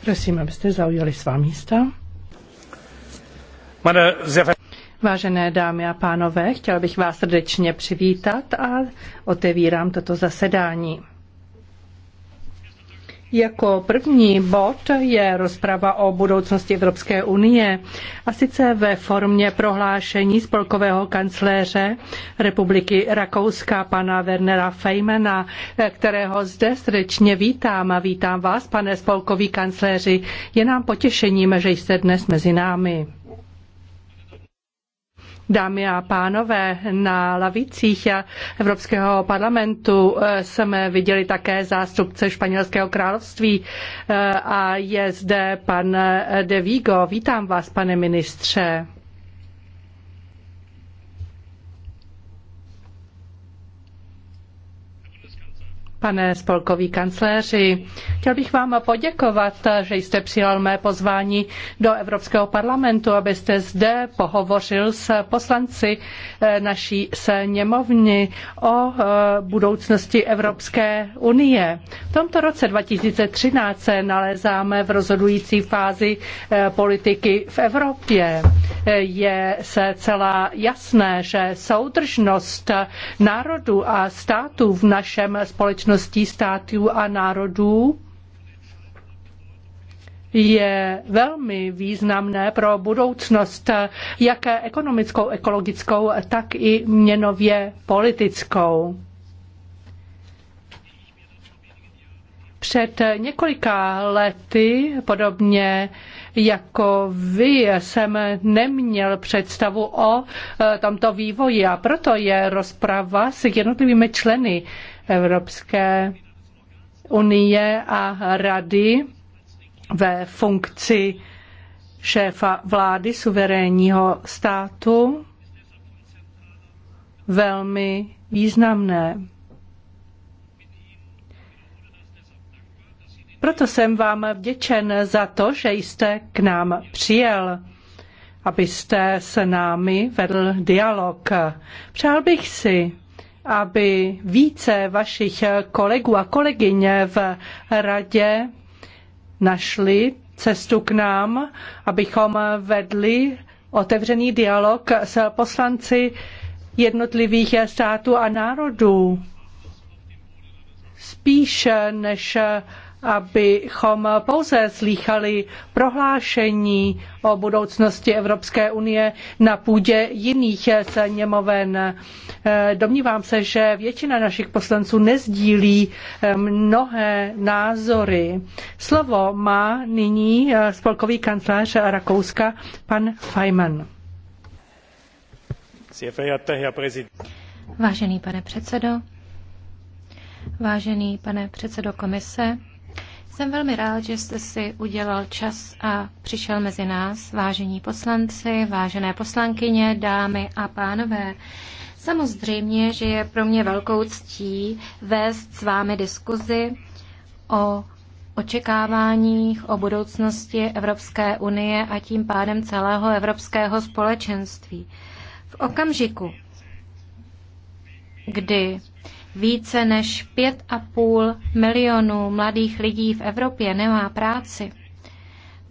Prosím, abyste zaujali svá místa. Vážené dámy a pánové, chtěl bych vás srdečně přivítat a otevírám toto zasedání. Jako první bod je rozprava o budoucnosti Evropské unie a sice ve formě prohlášení spolkového kancléře Republiky Rakouska pana Wernera Feymana, kterého zde srdečně vítám a vítám vás, pane spolkový kancléři. Je nám potěšením, že jste dnes mezi námi. Dámy a pánové, na lavicích Evropského parlamentu eh, jsme viděli také zástupce Španělského království eh, a je zde pan De Vigo. Vítám vás, pane ministře. Pane spolkový kancléři, chtěl bych vám poděkovat, že jste přijal mé pozvání do Evropského parlamentu, abyste zde pohovořil s poslanci eh, naší sněmovny o eh, budoucnosti Evropské unie. V tomto roce 2013 se nalézáme v rozhodující fázi eh, politiky v Evropě. Je se celá jasné, že soudržnost národů a států v našem společnosti společností států a národů je velmi významné pro budoucnost jak ekonomickou, ekologickou, tak i měnově politickou. Před několika lety, podobně jako vy, jsem neměl představu o eh, tomto vývoji a proto je rozprava s jednotlivými členy Evropské unie a rady ve funkci šéfa vlády suverénního státu velmi významné. Proto jsem vám vděčen za to, že jste k nám přijel, abyste s námi vedl dialog. Přál bych si, aby více vašich kolegů a kolegyň v radě našli cestu k nám, abychom vedli otevřený dialog s poslanci jednotlivých států a národů. Spíše než abychom pouze slýchali prohlášení o budoucnosti Evropské unie na půdě jiných sněmoven. Domnívám se, že většina našich poslanců nezdílí mnohé názory. Slovo má nyní spolkový kancléř Rakouska, pan Feynman. Vážený pane předsedo, vážený pane předsedo komise, jsem velmi rád, že jste si udělal čas a přišel mezi nás, vážení poslanci, vážené poslankyně, dámy a pánové. Samozřejmě, že je pro mě velkou ctí vést s vámi diskuzi o očekáváních o budoucnosti Evropské unie a tím pádem celého evropského společenství. V okamžiku, kdy více než 5,5 milionů mladých lidí v Evropě nemá práci.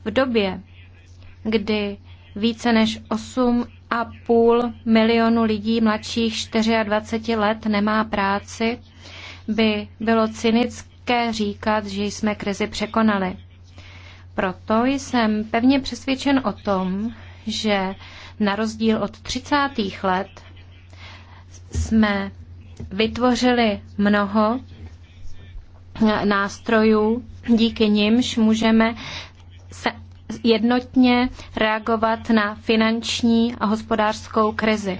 V době, kdy více než 8,5 milionu lidí mladších 24 let nemá práci, by bylo cynické říkat, že jsme krizi překonali. Proto jsem pevně přesvědčen o tom, že na rozdíl od 30. let jsme vytvořili mnoho nástrojů, díky nimž můžeme se jednotně reagovat na finanční a hospodářskou krizi.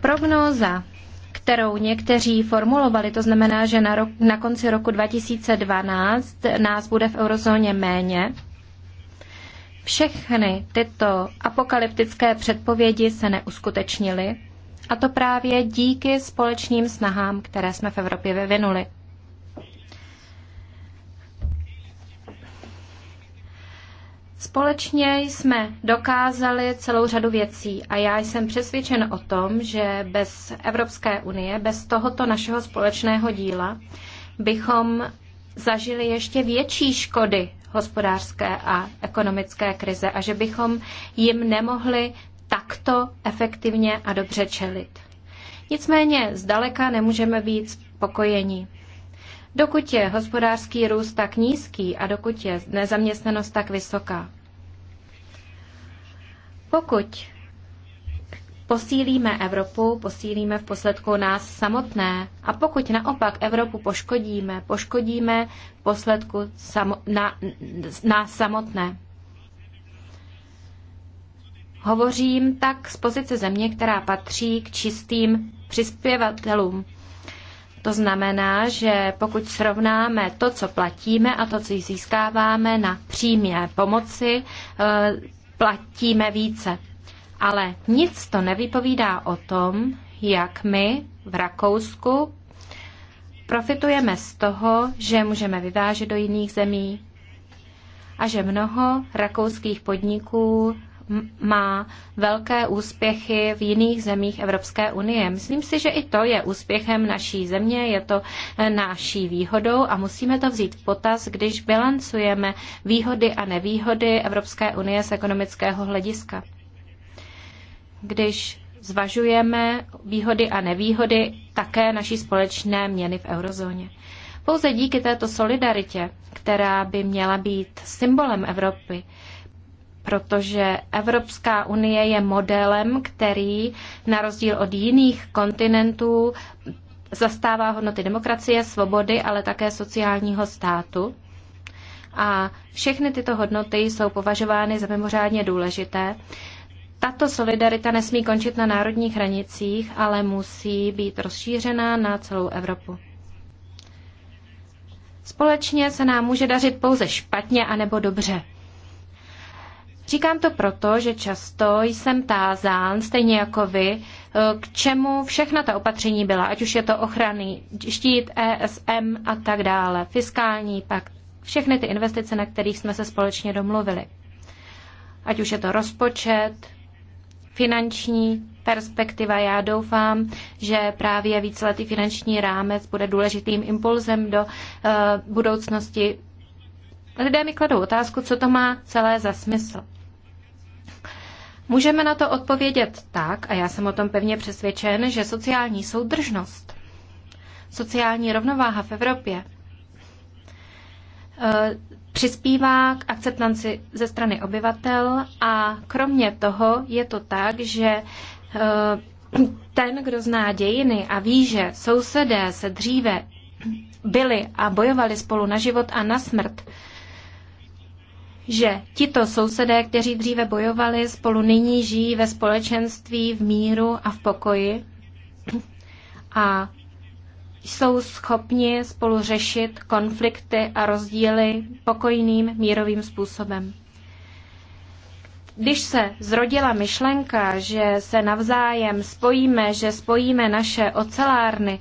Prognóza, kterou někteří formulovali, to znamená, že na, rok, na konci roku 2012 nás bude v eurozóně méně, všechny tyto apokalyptické předpovědi se neuskutečnily a to právě díky společným snahám, které jsme v Evropě vyvinuli. Společně jsme dokázali celou řadu věcí a já jsem přesvědčen o tom, že bez Evropské unie, bez tohoto našeho společného díla, bychom zažili ještě větší škody hospodářské a ekonomické krize a že bychom jim nemohli takto efektivně a dobře čelit. Nicméně zdaleka nemůžeme být spokojeni. Dokud je hospodářský růst tak nízký a dokud je nezaměstnanost tak vysoká. Pokud posílíme Evropu, posílíme v posledku nás samotné. A pokud naopak Evropu poškodíme, poškodíme v posledku samo, na, nás samotné. Hovořím tak z pozice země, která patří k čistým přispěvatelům. To znamená, že pokud srovnáme to, co platíme a to, co získáváme na přímé pomoci, eh, platíme více. Ale nic to nevypovídá o tom, jak my v Rakousku profitujeme z toho, že můžeme vyvážet do jiných zemí a že mnoho rakouských podniků má velké úspěchy v jiných zemích Evropské unie. Myslím si, že i to je úspěchem naší země, je to eh, naší výhodou a musíme to vzít v potaz, když bilancujeme výhody a nevýhody Evropské unie z ekonomického hlediska. Když zvažujeme výhody a nevýhody také naší společné měny v eurozóně. Pouze díky této solidaritě, která by měla být symbolem Evropy, protože Evropská unie je modelem, který na rozdíl od jiných kontinentů zastává hodnoty demokracie, svobody, ale také sociálního státu. A všechny tyto hodnoty jsou považovány za mimořádně důležité. Tato solidarita nesmí končit na národních hranicích, ale musí být rozšířena na celou Evropu. Společně se nám může dařit pouze špatně anebo dobře. Říkám to proto, že často jsem tázán, stejně jako vy, eh, k čemu všechna ta opatření byla, ať už je to ochrany, štít, ESM a tak dále, fiskální pakt, všechny ty investice, na kterých jsme se společně domluvili. Ať už je to rozpočet, finanční perspektiva. Já doufám, že právě víceletý finanční rámec bude důležitým impulzem do eh, budoucnosti lidé mi kladou otázku, co to má celé za smysl. Můžeme na to odpovědět tak, a já jsem o tom pevně přesvědčen, že sociální soudržnost, sociální rovnováha v Evropě e, přispívá k akceptanci ze strany obyvatel a kromě toho je to tak, že e, ten, kdo zná dějiny a ví, že sousedé se dříve byli a bojovali spolu na život a na smrt, že tito sousedé, kteří dříve bojovali, spolu nyní žijí ve společenství, v míru a v pokoji a jsou schopni spolu řešit konflikty a rozdíly pokojným mírovým způsobem. Když se zrodila myšlenka, že se navzájem spojíme, že spojíme naše ocelárny,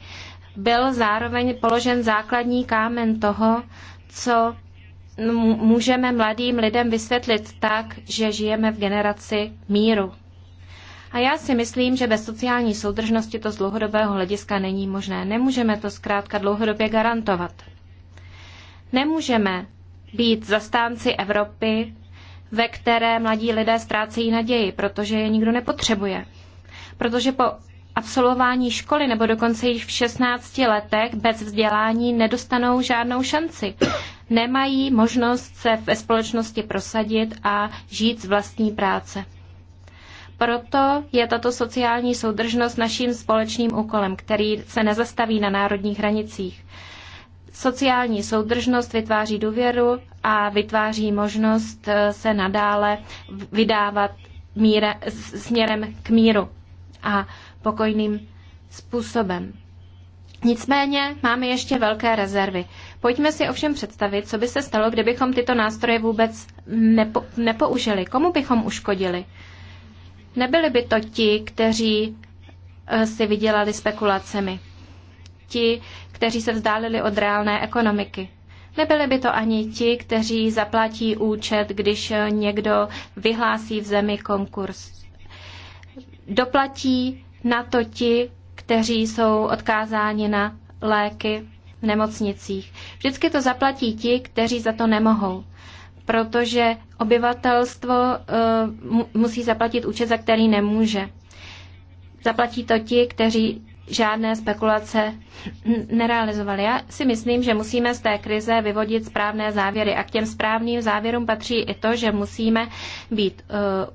byl zároveň položen základní kámen toho, co můžeme mladým lidem vysvětlit tak, že žijeme v generaci míru. A já si myslím, že bez sociální soudržnosti to z dlouhodobého hlediska není možné. Nemůžeme to zkrátka dlouhodobě garantovat. Nemůžeme být zastánci Evropy, ve které mladí lidé ztrácejí naději, protože je nikdo nepotřebuje. Protože po absolvování školy nebo dokonce již v 16 letech bez vzdělání nedostanou žádnou šanci nemají možnost se ve společnosti prosadit a žít z vlastní práce. Proto je tato sociální soudržnost naším společným úkolem, který se nezastaví na národních hranicích. Sociální soudržnost vytváří důvěru a vytváří možnost eh, se nadále vydávat míre, směrem k míru a pokojným způsobem. Nicméně máme ještě velké rezervy. Pojďme si ovšem představit, co by se stalo, kdybychom tyto nástroje vůbec nepo, nepoužili. Komu bychom uškodili? Nebyli by to ti, kteří eh, si vydělali spekulacemi. Ti, kteří se vzdálili od reálné ekonomiky. Nebyli by to ani ti, kteří zaplatí účet, když eh, někdo vyhlásí v zemi konkurs. Doplatí na to ti, kteří jsou odkázáni na léky v nemocnicích. Vždycky to zaplatí ti, kteří za to nemohou, protože obyvatelstvo eh, musí zaplatit účet, za který nemůže. Zaplatí to ti, kteří žádné spekulace nerealizovali. Já si myslím, že musíme z té krize vyvodit správné závěry a k těm správným závěrům patří i to, že musíme být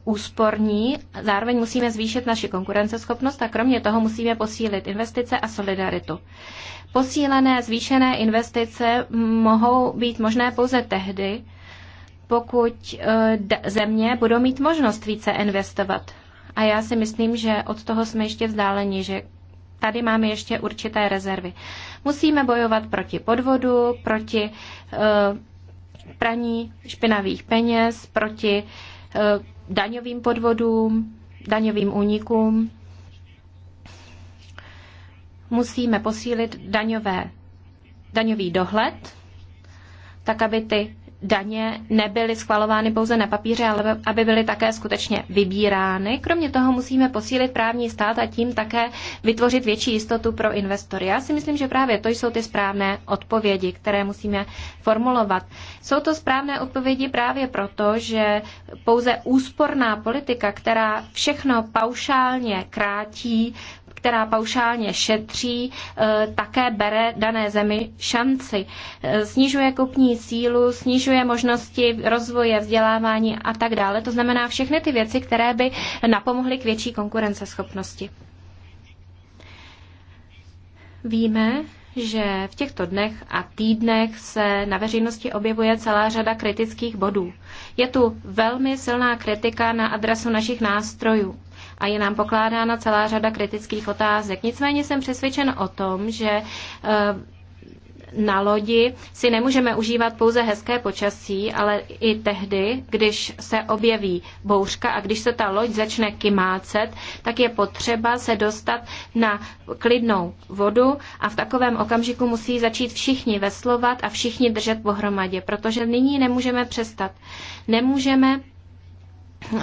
uh, úsporní, zároveň musíme zvýšit naši konkurenceschopnost a kromě toho musíme posílit investice a solidaritu. Posílené, zvýšené investice mohou být možné pouze tehdy, pokud uh, země budou mít možnost více investovat. A já si myslím, že od toho jsme ještě vzdáleni, že tady máme ještě určité rezervy. Musíme bojovat proti podvodu, proti eh, praní špinavých peněz, proti eh, daňovým podvodům, daňovým únikům. Musíme posílit daňové, daňový dohled, tak aby ty daně nebyly schvalovány pouze na papíře, ale aby byly také skutečně vybírány. Kromě toho musíme posílit právní stát a tím také vytvořit větší jistotu pro investory. Já si myslím, že právě to jsou ty správné odpovědi, které musíme formulovat. Jsou to správné odpovědi právě proto, že pouze úsporná politika, která všechno paušálně krátí, která paušálně šetří, eh, také bere dané zemi šanci. Eh, snižuje kupní sílu, snižuje možnosti rozvoje, vzdělávání a tak dále. To znamená všechny ty věci, které by napomohly k větší konkurenceschopnosti. Víme, že v těchto dnech a týdnech se na veřejnosti objevuje celá řada kritických bodů. Je tu velmi silná kritika na adresu našich nástrojů a je nám pokládána celá řada kritických otázek. Nicméně jsem přesvědčen o tom, že eh, na lodi si nemůžeme užívat pouze hezké počasí, ale i tehdy, když se objeví bouřka a když se ta loď začne kymácet, tak je potřeba se dostat na klidnou vodu a v takovém okamžiku musí začít všichni veslovat a všichni držet pohromadě, protože nyní nemůžeme přestat. Nemůžeme uh,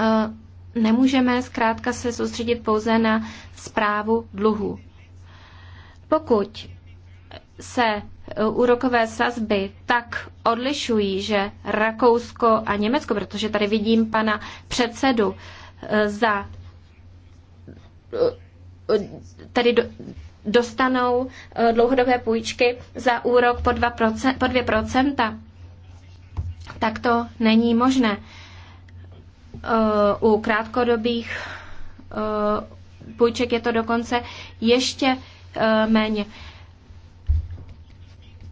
Nemůžeme zkrátka se soustředit pouze na zprávu dluhu. Pokud se e, úrokové sazby tak odlišují, že Rakousko a Německo, protože tady vidím pana předsedu e, za e, tady do, dostanou dlouhodobé půjčky za úrok po 2%, po 2%, tak to není možné. Eh, u krátkodobých eh, půjček je to dokonce ještě eh, méně.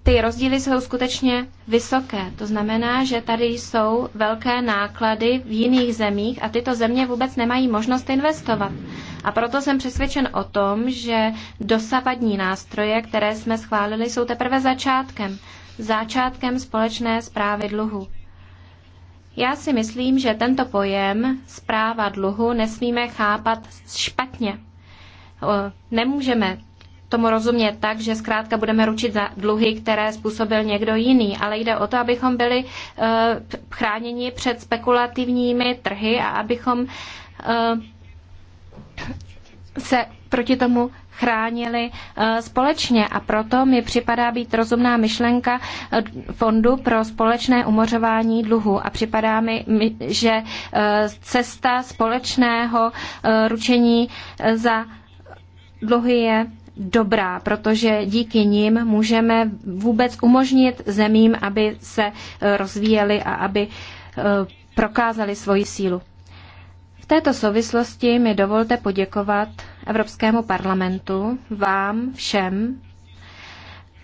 Ty rozdíly jsou skutečně vysoké. To znamená, že tady jsou velké náklady v jiných zemích a tyto země vůbec nemají možnost investovat. A proto jsem přesvědčen o tom, že dosavadní nástroje, které jsme schválili, jsou teprve začátkem. Začátkem společné zprávy dluhu. Já si myslím, že tento pojem zpráva dluhu nesmíme chápat špatně. Nemůžeme tomu rozumět tak, že zkrátka budeme ručit za dluhy, které způsobil někdo jiný, ale jde o to, abychom byli e, chráněni před spekulativními trhy a abychom e, se proti tomu chránili eh, společně. A proto mi připadá být rozumná myšlenka eh, Fondu pro společné umořování dluhu. A připadá mi, že eh, cesta společného ručení za dluhy je dobrá, protože díky nim můžeme vůbec umožnit zemím, aby se rozvíjely a aby prokázali svoji sílu. V této souvislosti mi dovolte poděkovat Evropskému parlamentu, vám všem.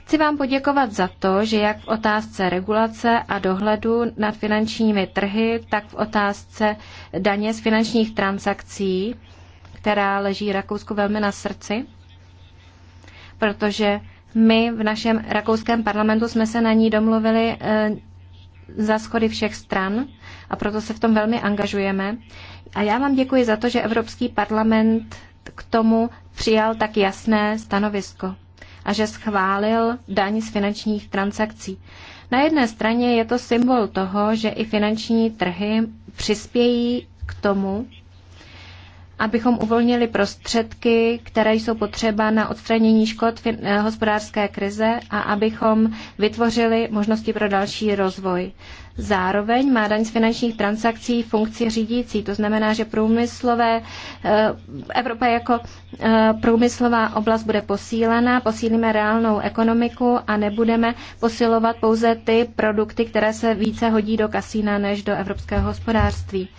Chci vám poděkovat za to, že jak v otázce regulace a dohledu nad finančními trhy, tak v otázce daně z finančních transakcí, která leží Rakousku velmi na srdci, protože my v našem rakouském parlamentu jsme se na ní domluvili eh, za schody všech stran a proto se v tom velmi angažujeme. A já vám děkuji za to, že Evropský parlament k tomu přijal tak jasné stanovisko a že schválil daň z finančních transakcí. Na jedné straně je to symbol toho, že i finanční trhy přispějí k tomu, abychom uvolnili prostředky, které jsou potřeba na odstranění škod eh, hospodářské krize a abychom vytvořili možnosti pro další rozvoj. Zároveň má daň z finančních transakcí funkci řídící, to znamená, že průmyslové, eh, Evropa jako eh, průmyslová oblast bude posílena, posílíme reálnou ekonomiku a nebudeme posilovat pouze ty produkty, které se více hodí do kasína než do evropského hospodářství.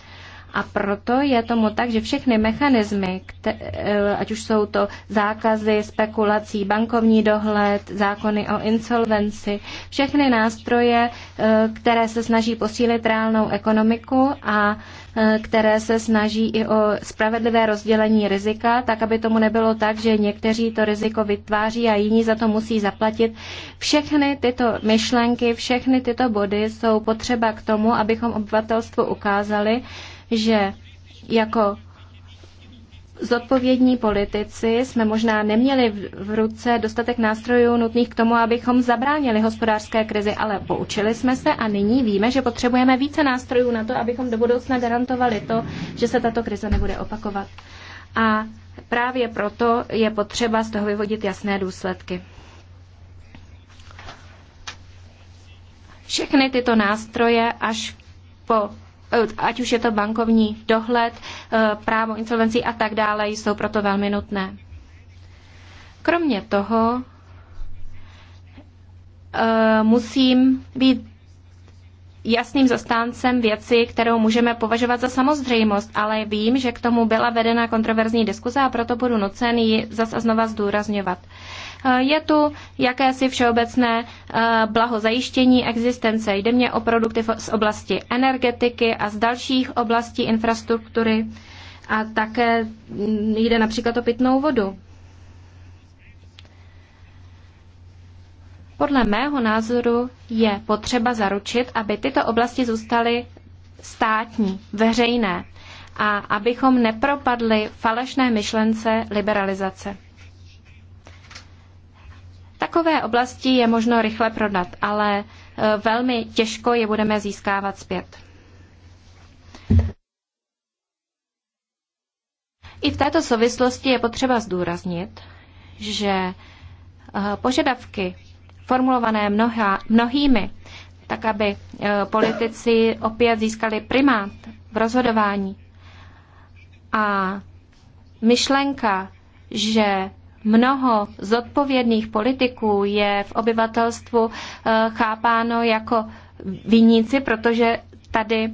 A proto je tomu tak, že všechny mechanismy, eh, ať už jsou to zákazy, spekulací, bankovní dohled, zákony o insolvenci, všechny nástroje, eh, které se snaží posílit reálnou ekonomiku a eh, které se snaží i o spravedlivé rozdělení rizika, tak aby tomu nebylo tak, že někteří to riziko vytváří a jiní za to musí zaplatit. Všechny tyto myšlenky, všechny tyto body jsou potřeba k tomu, abychom obyvatelstvu ukázali, že jako zodpovědní politici jsme možná neměli v ruce dostatek nástrojů nutných k tomu, abychom zabránili hospodářské krizi, ale poučili jsme se a nyní víme, že potřebujeme více nástrojů na to, abychom do budoucna garantovali to, že se tato krize nebude opakovat. A právě proto je potřeba z toho vyvodit jasné důsledky. Všechny tyto nástroje až po ať už je to bankovní dohled, eh, právo insolvencí a tak dále, jsou proto velmi nutné. Kromě toho eh, musím být jasným zastáncem věci, kterou můžeme považovat za samozřejmost, ale vím, že k tomu byla vedena kontroverzní diskuze a proto budu nucen ji zase znova zdůrazňovat. Je tu jakési všeobecné eh, blahozajištění existence. Jde mě o produkty z oblasti energetiky a z dalších oblastí infrastruktury a také mm, jde například o pitnou vodu. Podle mého názoru je potřeba zaručit, aby tyto oblasti zůstaly státní, veřejné a abychom nepropadli falešné myšlence liberalizace. Takové oblasti je možno rychle prodat, ale e, velmi těžko je budeme získávat zpět. I v této souvislosti je potřeba zdůraznit, že e, požadavky formulované mnoha, mnohými, tak aby e, politici opět získali primát v rozhodování a myšlenka, že mnoho zodpovědných politiků je v obyvatelstvu eh, chápáno jako viníci, protože tady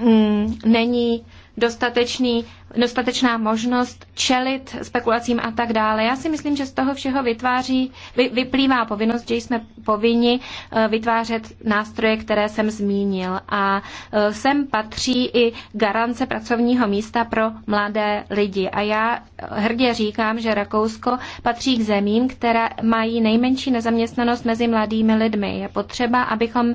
mm, není dostatečný dostatečná možnost čelit spekulacím a tak dále. Já si myslím, že z toho všeho vytváří, vy, vyplývá povinnost, že jsme povinni eh, vytvářet nástroje, které jsem zmínil. A eh, sem patří i garance pracovního místa pro mladé lidi. A já eh, hrdě říkám, že Rakousko patří k zemím, které mají nejmenší nezaměstnanost mezi mladými lidmi. Je potřeba, abychom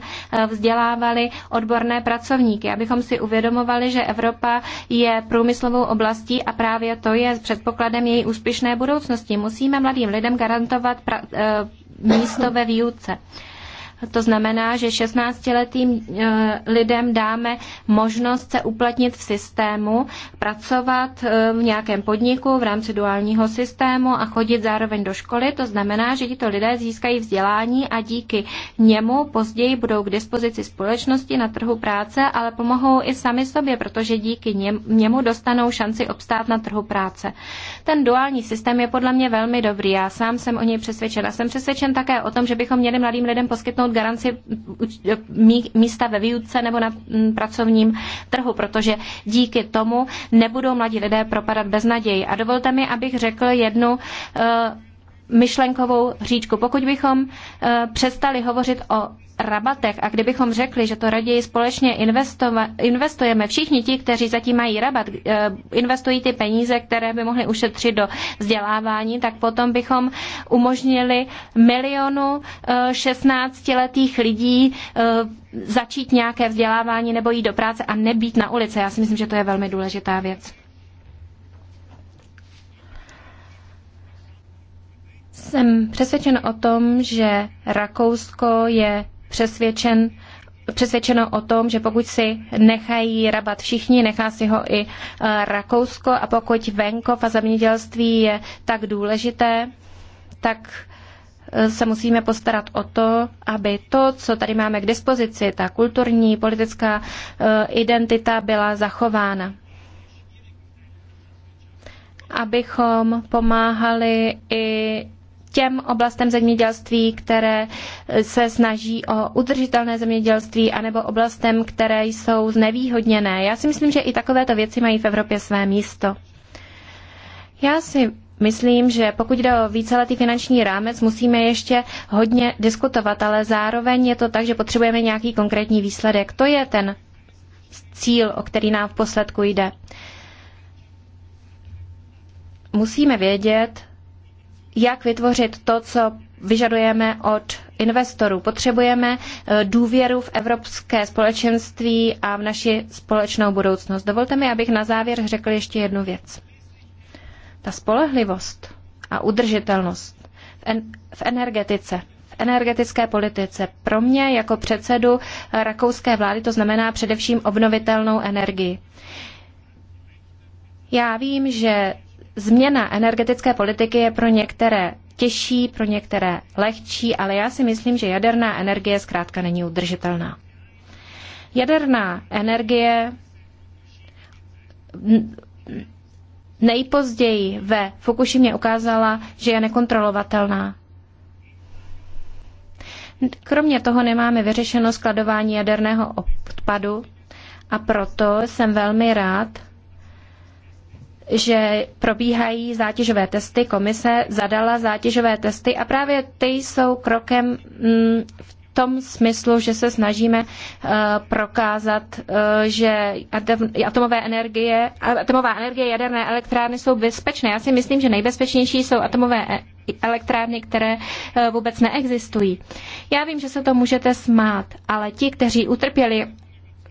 vzdělávali odborné pracovníky, abychom si uvědomovali, že Evropa je průmyslovou oblastí a právě to je předpokladem její úspěšné budoucnosti. Musíme mladým lidem garantovat pra, eh, místo ve výuce. To znamená, že 16-letým e, lidem dáme možnost se uplatnit v systému, pracovat e, v nějakém podniku v rámci duálního systému a chodit zároveň do školy. To znamená, že tito lidé získají vzdělání a díky němu později budou k dispozici společnosti na trhu práce, ale pomohou i sami sobě, protože díky němu dostanou šanci obstát na trhu práce. Ten duální systém je podle mě velmi dobrý. Já sám jsem o něj přesvědčena. Jsem přesvědčen také o tom, že bychom měli mladým lidem poskytnout garanci místa ve výuce nebo na mm, pracovním trhu, protože díky tomu nebudou mladí lidé propadat beznaději. A dovolte mi, abych řekl jednu eh, myšlenkovou říčku. Pokud bychom eh, přestali hovořit o rabatech a kdybychom řekli, že to raději společně investujeme, všichni ti, kteří zatím mají rabat, eh, investují ty peníze, které by mohli ušetřit do vzdělávání, tak potom bychom umožnili milionu 16-letých eh, lidí začít nějaké vzdělávání nebo jít do práce a nebýt na ulici. Já si myslím, že to je velmi důležitá věc. Jsem přesvědčen o tom, že Rakousko je přesvědčen, přesvědčeno o tom, že pokud si nechají rabat všichni, nechá si ho i eh, Rakousko a pokud venkov a zemědělství je tak důležité, tak eh, se musíme postarat o to, aby to, co tady máme k dispozici, ta kulturní, politická eh, identita byla zachována. Abychom pomáhali i těm oblastem zemědělství, které se snaží o udržitelné zemědělství, anebo oblastem, které jsou znevýhodněné. Já si myslím, že i takovéto věci mají v Evropě své místo. Já si myslím, že pokud jde o víceletý finanční rámec, musíme ještě hodně diskutovat, ale zároveň je to tak, že potřebujeme nějaký konkrétní výsledek. To je ten cíl, o který nám v posledku jde. Musíme vědět, jak vytvořit to, co vyžadujeme od investorů. Potřebujeme eh, důvěru v evropské společenství a v naši společnou budoucnost. Dovolte mi, abych na závěr řekl ještě jednu věc. Ta spolehlivost a udržitelnost v energetice, v energetické politice, pro mě jako předsedu eh, rakouské vlády to znamená především obnovitelnou energii. Já vím, že změna energetické politiky je pro některé těžší, pro některé lehčí, ale já si myslím, že jaderná energie zkrátka není udržitelná. Jaderná energie nejpozději ve Fukushimě ukázala, že je nekontrolovatelná. Kromě toho nemáme vyřešeno skladování jaderného odpadu a proto jsem velmi rád, že probíhají zátěžové testy. Komise zadala zátěžové testy a právě ty jsou krokem mm, v tom smyslu, že se snažíme eh, prokázat, eh, že atomové energie, atomová energie jaderné elektrárny jsou bezpečné. Já si myslím, že nejbezpečnější jsou atomové e, elektrárny, které eh, vůbec neexistují. Já vím, že se to můžete smát, ale ti, kteří utrpěli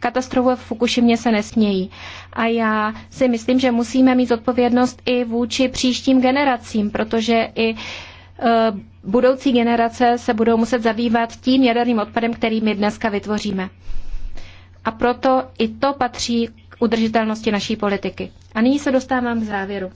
katastrofu v Fukušimě se nesmějí. A já si myslím, že musíme mít odpovědnost i vůči příštím generacím, protože i e, budoucí generace se budou muset zabývat tím jaderným odpadem, který my dneska vytvoříme. A proto i to patří k udržitelnosti naší politiky. A nyní se dostávám k závěru.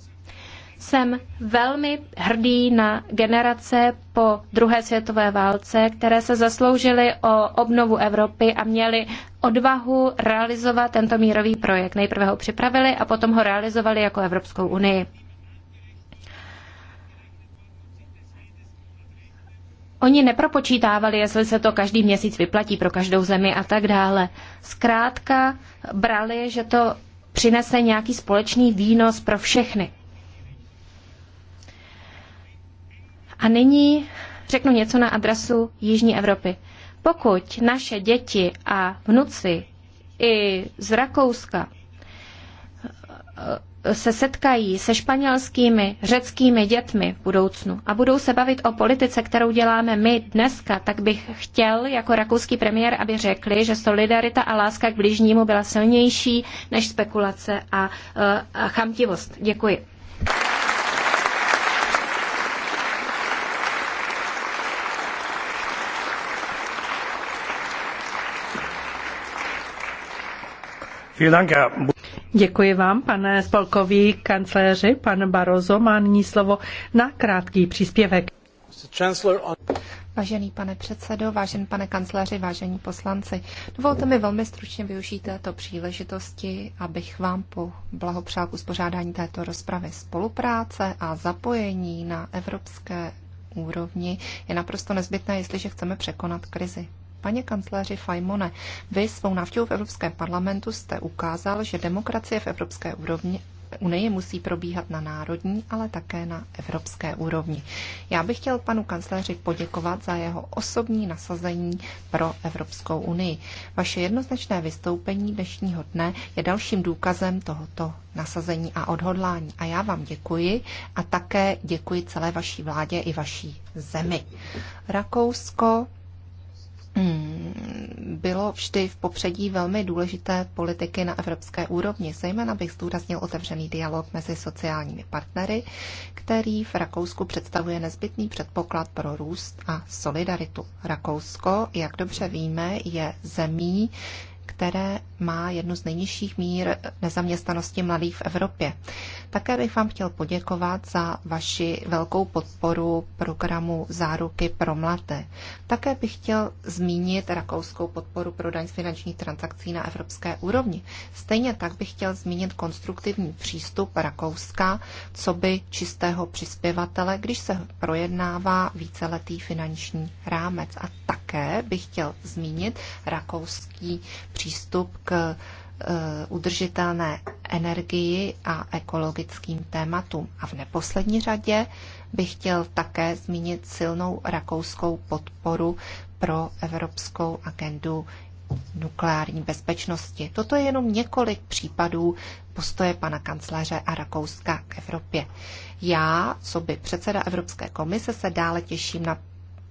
Jsem velmi hrdý na generace po druhé světové válce, které se zasloužily o obnovu Evropy a měly odvahu realizovat tento mírový projekt. Nejprve ho připravili a potom ho realizovali jako Evropskou unii. Oni nepropočítávali, jestli se to každý měsíc vyplatí pro každou zemi a tak dále. Zkrátka brali, že to přinese nějaký společný výnos pro všechny. A nyní řeknu něco na adresu Jižní Evropy. Pokud naše děti a vnuci i z Rakouska eh, se setkají se španělskými, řeckými dětmi v budoucnu a budou se bavit o politice, kterou děláme my dneska, tak bych chtěl jako rakouský premiér, aby řekli, že solidarita a láska k bližnímu byla silnější než spekulace a, eh, a chamtivost. Děkuji. Děkuji vám, pane spolkový kancléři. Pan Barroso má nyní slovo na krátký příspěvek. Vážený pane předsedo, vážený pane kancléři, vážení poslanci, dovolte mi velmi stručně využít této příležitosti, abych vám po blahopřál k uspořádání této rozpravy spolupráce a zapojení na evropské úrovni je naprosto nezbytné, jestliže chceme překonat krizi. Pane kancléři Fajmone, vy svou návštěvou v Evropském parlamentu jste ukázal, že demokracie v Evropské úrovni, Unii musí probíhat na národní, ale také na evropské úrovni. Já bych chtěl panu kancléři poděkovat za jeho osobní nasazení pro Evropskou unii. Vaše jednoznačné vystoupení dnešního dne je dalším důkazem tohoto nasazení a odhodlání. A já vám děkuji a také děkuji celé vaší vládě i vaší zemi. Rakousko Mm, bylo vždy v popředí velmi důležité politiky na evropské úrovni. Zejména bych zdůraznil otevřený dialog mezi sociálními partnery, který v Rakousku představuje nezbytný předpoklad pro růst a solidaritu. Rakousko, jak dobře víme, je zemí, které má jednu z nejnižších mír nezaměstnanosti mladých v Evropě. Také bych vám chtěl poděkovat za vaši velkou podporu programu Záruky pro mladé. Také bych chtěl zmínit rakouskou podporu pro daň z finančních transakcí na evropské úrovni. Stejně tak bych chtěl zmínit konstruktivní přístup Rakouska, co by čistého přispěvatele, když se projednává víceletý finanční rámec. A také bych chtěl zmínit rakouský přístup k Eh, udržitelné energii a ekologickým tématům. A v neposlední řadě bych chtěl také zmínit silnou rakouskou podporu pro evropskou agendu nukleární bezpečnosti. Toto je jenom několik případů postoje pana kancléře a Rakouska k Evropě. Já, co by předseda Evropské komise, se dále těším na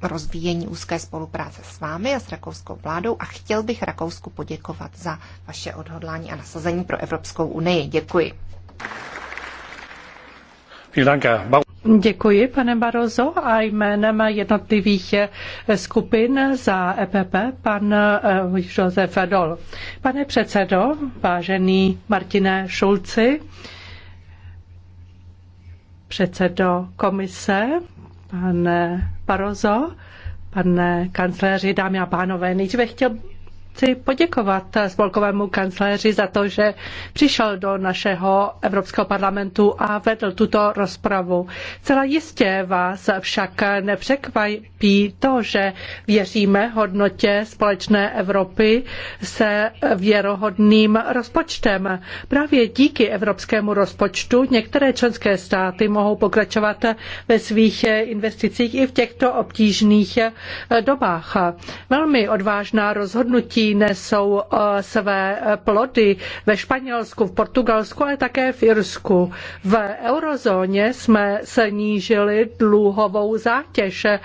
rozvíjení úzké spolupráce s vámi a s rakouskou vládou a chtěl bych Rakousku poděkovat za vaše odhodlání a nasazení pro Evropskou unii. Děkuji. Děkuji, pane Barozo, a jménem jednotlivých skupin za EPP pan eh, Josef Dol. Pane předsedo, vážený Martine Šulci, předsedo komise, Pane Parozo, pane kancléři, dámy a pánové, nejdříve chtěl chci poděkovat spolkovému kancléři za to, že přišel do našeho Evropského parlamentu a vedl tuto rozpravu. Celá jistě vás však nepřekvapí to, že věříme hodnotě společné Evropy se věrohodným rozpočtem. Právě díky evropskému rozpočtu některé členské státy mohou pokračovat ve svých investicích i v těchto obtížných dobách. Velmi odvážná rozhodnutí kteří nesou eh, své eh, plody ve Španělsku, v Portugalsku, ale také v Irsku. V eurozóně jsme snížili dluhovou zátěž. Eh,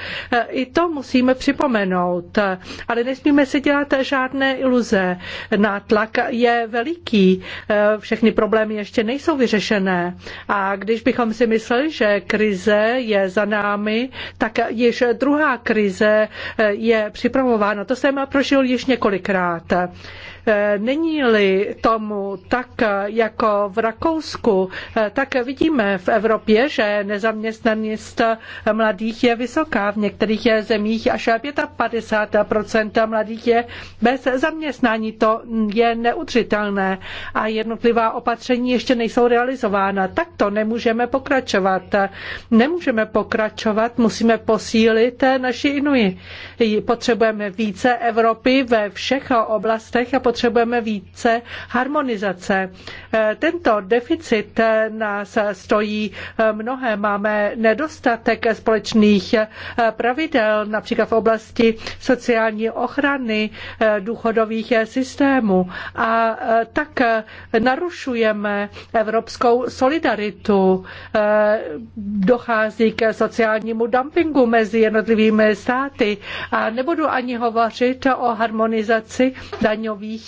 I to musíme připomenout. Ale nesmíme si dělat žádné iluze. Nátlak je veliký. Všechny problémy ještě nejsou vyřešené. A když bychom si mysleli, že krize je za námi, tak již druhá krize je připravována. To jsem prožil již několik tenkrát. Eh, není-li tomu tak eh, jako v Rakousku, eh, tak vidíme v Evropě, že nezaměstnanost mladých je vysoká. V některých zemích až 55 mladých je bez zaměstnání. To je neudržitelné a jednotlivá opatření ještě nejsou realizována. Tak to nemůžeme pokračovat. Nemůžeme pokračovat, musíme posílit naši inuji. Potřebujeme více Evropy ve všech oblastech a potřebujeme potřebujeme více harmonizace. Eh, tento deficit eh, nás stojí eh, mnohé. Máme nedostatek společných pravidel, například v oblasti sociální ochrany důchodových systémů. A tak narušujeme evropskou solidaritu. Dochází k sociálnímu dumpingu mezi jednotlivými státy. A nebudu ani hovořit o harmonizaci daňových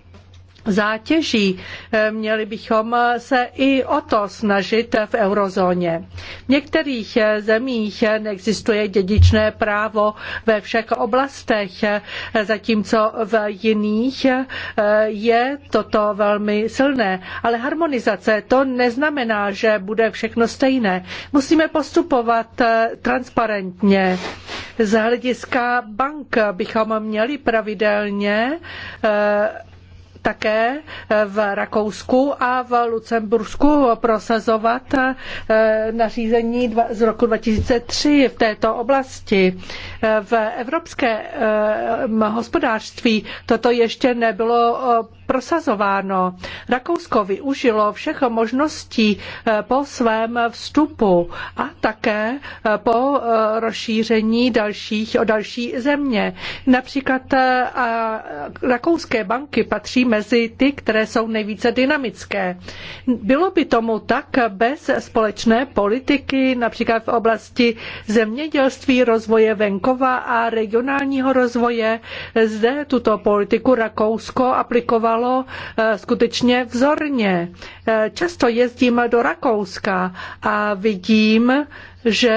zátěží. Eh, měli bychom se i o to snažit v eurozóně. V některých eh, zemích neexistuje dědičné právo ve všech oblastech, eh, zatímco v jiných je toto velmi silné. Ale harmonizace to neznamená, že bude všechno stejné. Musíme postupovat transparentně. Z hlediska bank bychom měli pravidelně také v Rakousku a v Lucembursku prosazovat eh, nařízení z roku 2003 v této oblasti. Eh, v evropském eh, hospodářství toto ještě nebylo prosazováno. Rakousko využilo všech možností eh, po svém vstupu a také eh, po eh, rozšíření dalších, o další země. Například rakouské banky patří mezi ty, které jsou nejvíce dynamické. Bylo by tomu tak bez společné politiky, například v oblasti zemědělství, rozvoje venkova a regionálního rozvoje. Zde tuto politiku Rakousko aplikovalo chovalo eh, skutečně vzorně. Eh, často jezdím do Rakouska a vidím, že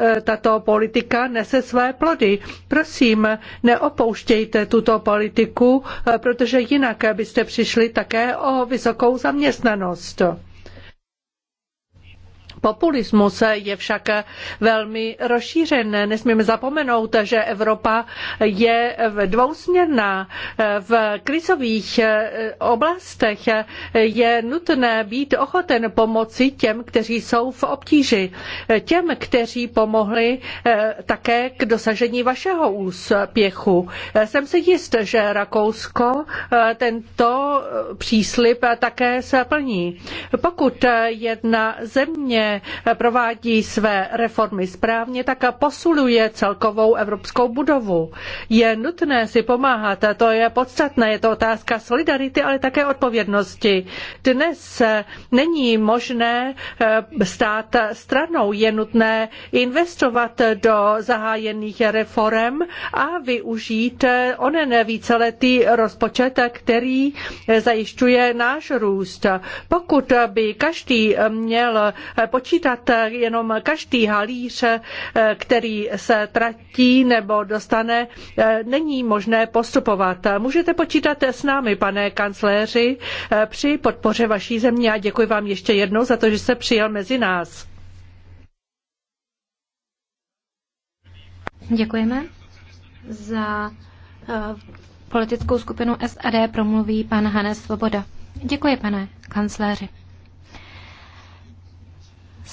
eh, tato politika nese své plody. Prosím, neopouštějte tuto politiku, protože jinak byste přišli také o vysokou zaměstnanost. Populismus je však velmi rozšířen. Nesmíme zapomenout, že Evropa je dvousměrná. V krizových oblastech je nutné být ochoten pomoci těm, kteří jsou v obtíži. Těm, kteří pomohli eh, také k dosažení vašeho úspěchu. Jsem si jist, že Rakousko eh, tento příslip také splní. Pokud jedna země provádí své reformy správně, tak posiluje celkovou evropskou budovu. Je nutné si pomáhat, to je podstatné, je to otázka solidarity, ale také odpovědnosti. Dnes není možné eh, stát stranou, je nutné investovat do zahájených reform a využít eh, onen víceletý rozpočet, který eh, zajišťuje náš růst. Pokud by každý měl počítat jenom každý halíř, eh, který se tratí nebo dostane, eh, není možné postupovat. Můžete počítat s námi, pane kancléři, eh, při podpoře vaší země a děkuji vám ještě jednou za to, že jste přijel mezi nás. Děkujeme. Za politickou skupinu SAD promluví pan Hanes Svoboda. Děkuji, pane kancléři.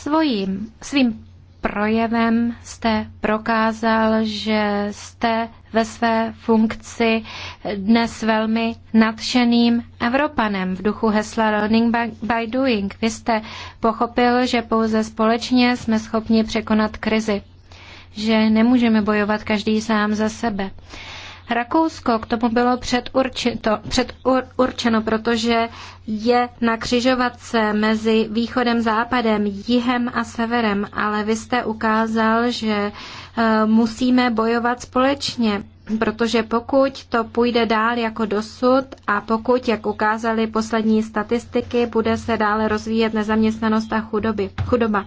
Svojím, svým projevem jste prokázal, že jste ve své funkci dnes velmi nadšeným Evropanem v duchu hesla Learning by Doing. Vy jste pochopil, že pouze společně jsme schopni překonat krizi, že nemůžeme bojovat každý sám za sebe. Rakousko k tomu bylo předurčeno, protože je na křižovatce mezi východem, západem, jihem a severem, ale vy jste ukázal, že eh, musíme bojovat společně. Protože pokud to půjde dál jako dosud a pokud, jak ukázaly poslední statistiky, bude se dále rozvíjet nezaměstnanost a chudoby, chudoba.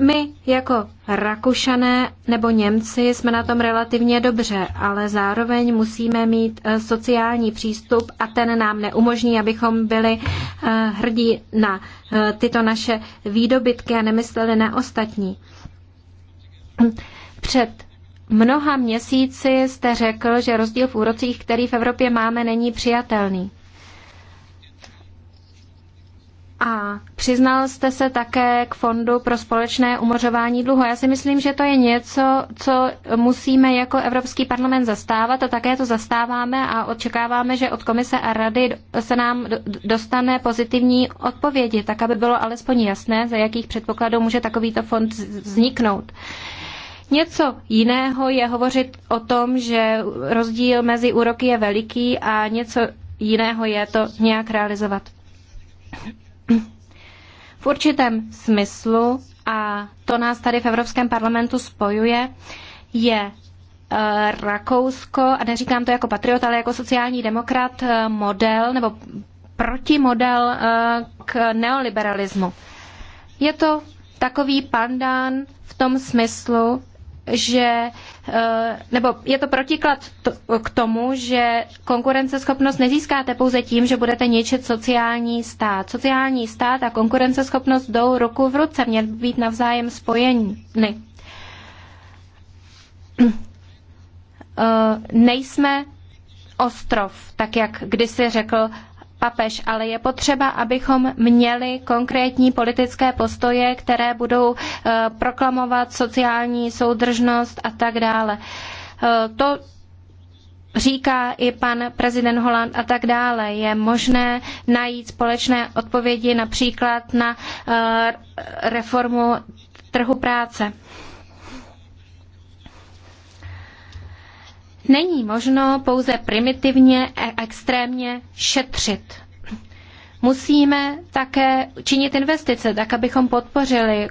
My jako Rakušané nebo Němci jsme na tom relativně dobře, ale zároveň musíme mít eh, sociální přístup a ten nám neumožní, abychom byli eh, hrdí na eh, tyto naše výdobytky a nemysleli na ostatní. Před mnoha měsíci jste řekl, že rozdíl v úrocích, který v Evropě máme, není přijatelný. A přiznal jste se také k Fondu pro společné umořování dluhu. Já si myslím, že to je něco, co musíme jako Evropský parlament zastávat a také to zastáváme a očekáváme, že od komise a rady se nám dostane pozitivní odpovědi, tak aby bylo alespoň jasné, za jakých předpokladů může takovýto fond vzniknout. Něco jiného je hovořit o tom, že rozdíl mezi úroky je veliký a něco jiného je to nějak realizovat v určitém smyslu, a to nás tady v Evropském parlamentu spojuje, je eh, Rakousko, a neříkám to jako patriot, ale jako sociální demokrat, eh, model nebo protimodel eh, k neoliberalismu. Je to takový pandán v tom smyslu, že eh, nebo je to protiklad k tomu, že konkurenceschopnost nezískáte pouze tím, že budete ničit sociální stát. Sociální stát a konkurenceschopnost jdou ruku v ruce, měly být navzájem spojeny. Eh, nejsme ostrov, tak jak kdysi řekl papež, ale je potřeba, abychom měli konkrétní politické postoje, které budou eh, proklamovat sociální soudržnost a tak dále. Eh, to říká i pan prezident Holland a tak dále. Je možné najít společné odpovědi například na eh, reformu trhu práce. Není možno pouze primitivně a extrémně šetřit. Musíme také činit investice, tak abychom podpořili eh,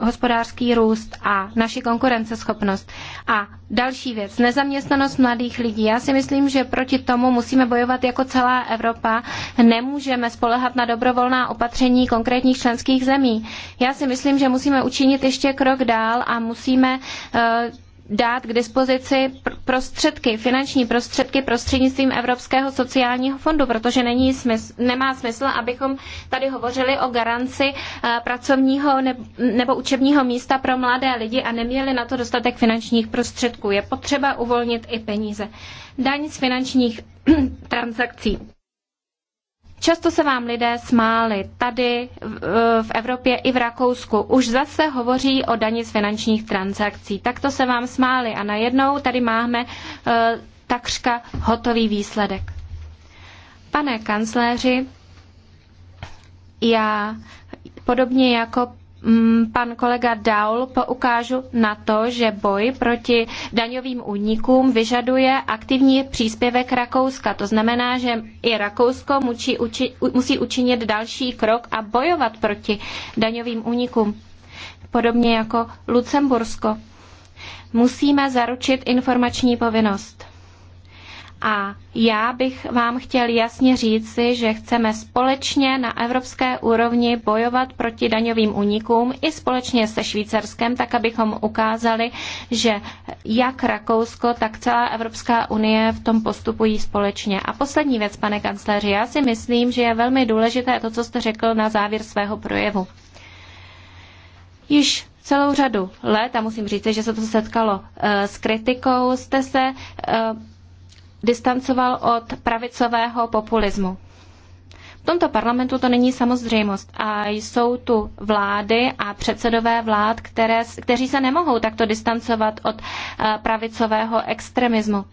hospodářský růst a naši konkurenceschopnost. A další věc, nezaměstnanost mladých lidí. Já si myslím, že proti tomu musíme bojovat jako celá Evropa. Nemůžeme spolehat na dobrovolná opatření konkrétních členských zemí. Já si myslím, že musíme učinit ještě krok dál a musíme uh, dát k dispozici prostředky, finanční prostředky prostřednictvím Evropského sociálního fondu, protože není smysl, nemá smysl, abychom tady hovořili o garanci eh, pracovního nebo učebního místa pro mladé lidi a neměli na to dostatek finančních prostředků. Je potřeba uvolnit i peníze. Daň z finančních transakcí. Často se vám lidé smáli tady v Evropě i v Rakousku. Už zase hovoří o dani z finančních transakcí. Takto se vám smáli a najednou tady máme eh, takřka hotový výsledek. Pane kancléři, já podobně jako Mm, pan kolega Daul poukážu na to, že boj proti daňovým únikům vyžaduje aktivní příspěvek Rakouska. To znamená, že i Rakousko musí učinit další krok a bojovat proti daňovým únikům. Podobně jako Lucembursko. Musíme zaručit informační povinnost. A já bych vám chtěl jasně říci, že chceme společně na evropské úrovni bojovat proti daňovým únikům i společně se Švýcarskem, tak abychom ukázali, že jak Rakousko, tak celá Evropská unie v tom postupují společně. A poslední věc, pane kancléři, já si myslím, že je velmi důležité to, co jste řekl na závěr svého projevu. Již celou řadu let, a musím říct, že se to setkalo eh, s kritikou, jste se eh, distancoval od pravicového populismu. V tomto parlamentu to není samozřejmost a jsou tu vlády a předsedové vlád, které, kteří se nemohou takto distancovat od eh, pravicového extremismu.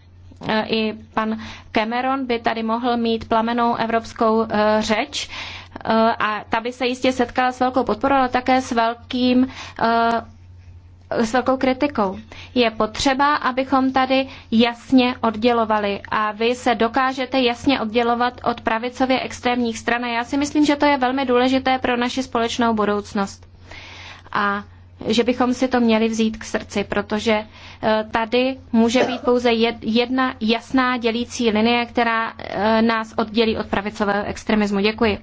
Eh, I pan Cameron by tady mohl mít plamenou evropskou eh, řeč a ta by se jistě setkala s velkou podporou, ale také s velkým s velkou kritikou. Je potřeba, abychom tady jasně oddělovali a vy se dokážete jasně oddělovat od pravicově extrémních stran a já si myslím, že to je velmi důležité pro naši společnou budoucnost. A že bychom si to měli vzít k srdci, protože eh, tady může být pouze jedna jasná dělící linie, která eh, nás oddělí od pravicového extremismu. Děkuji.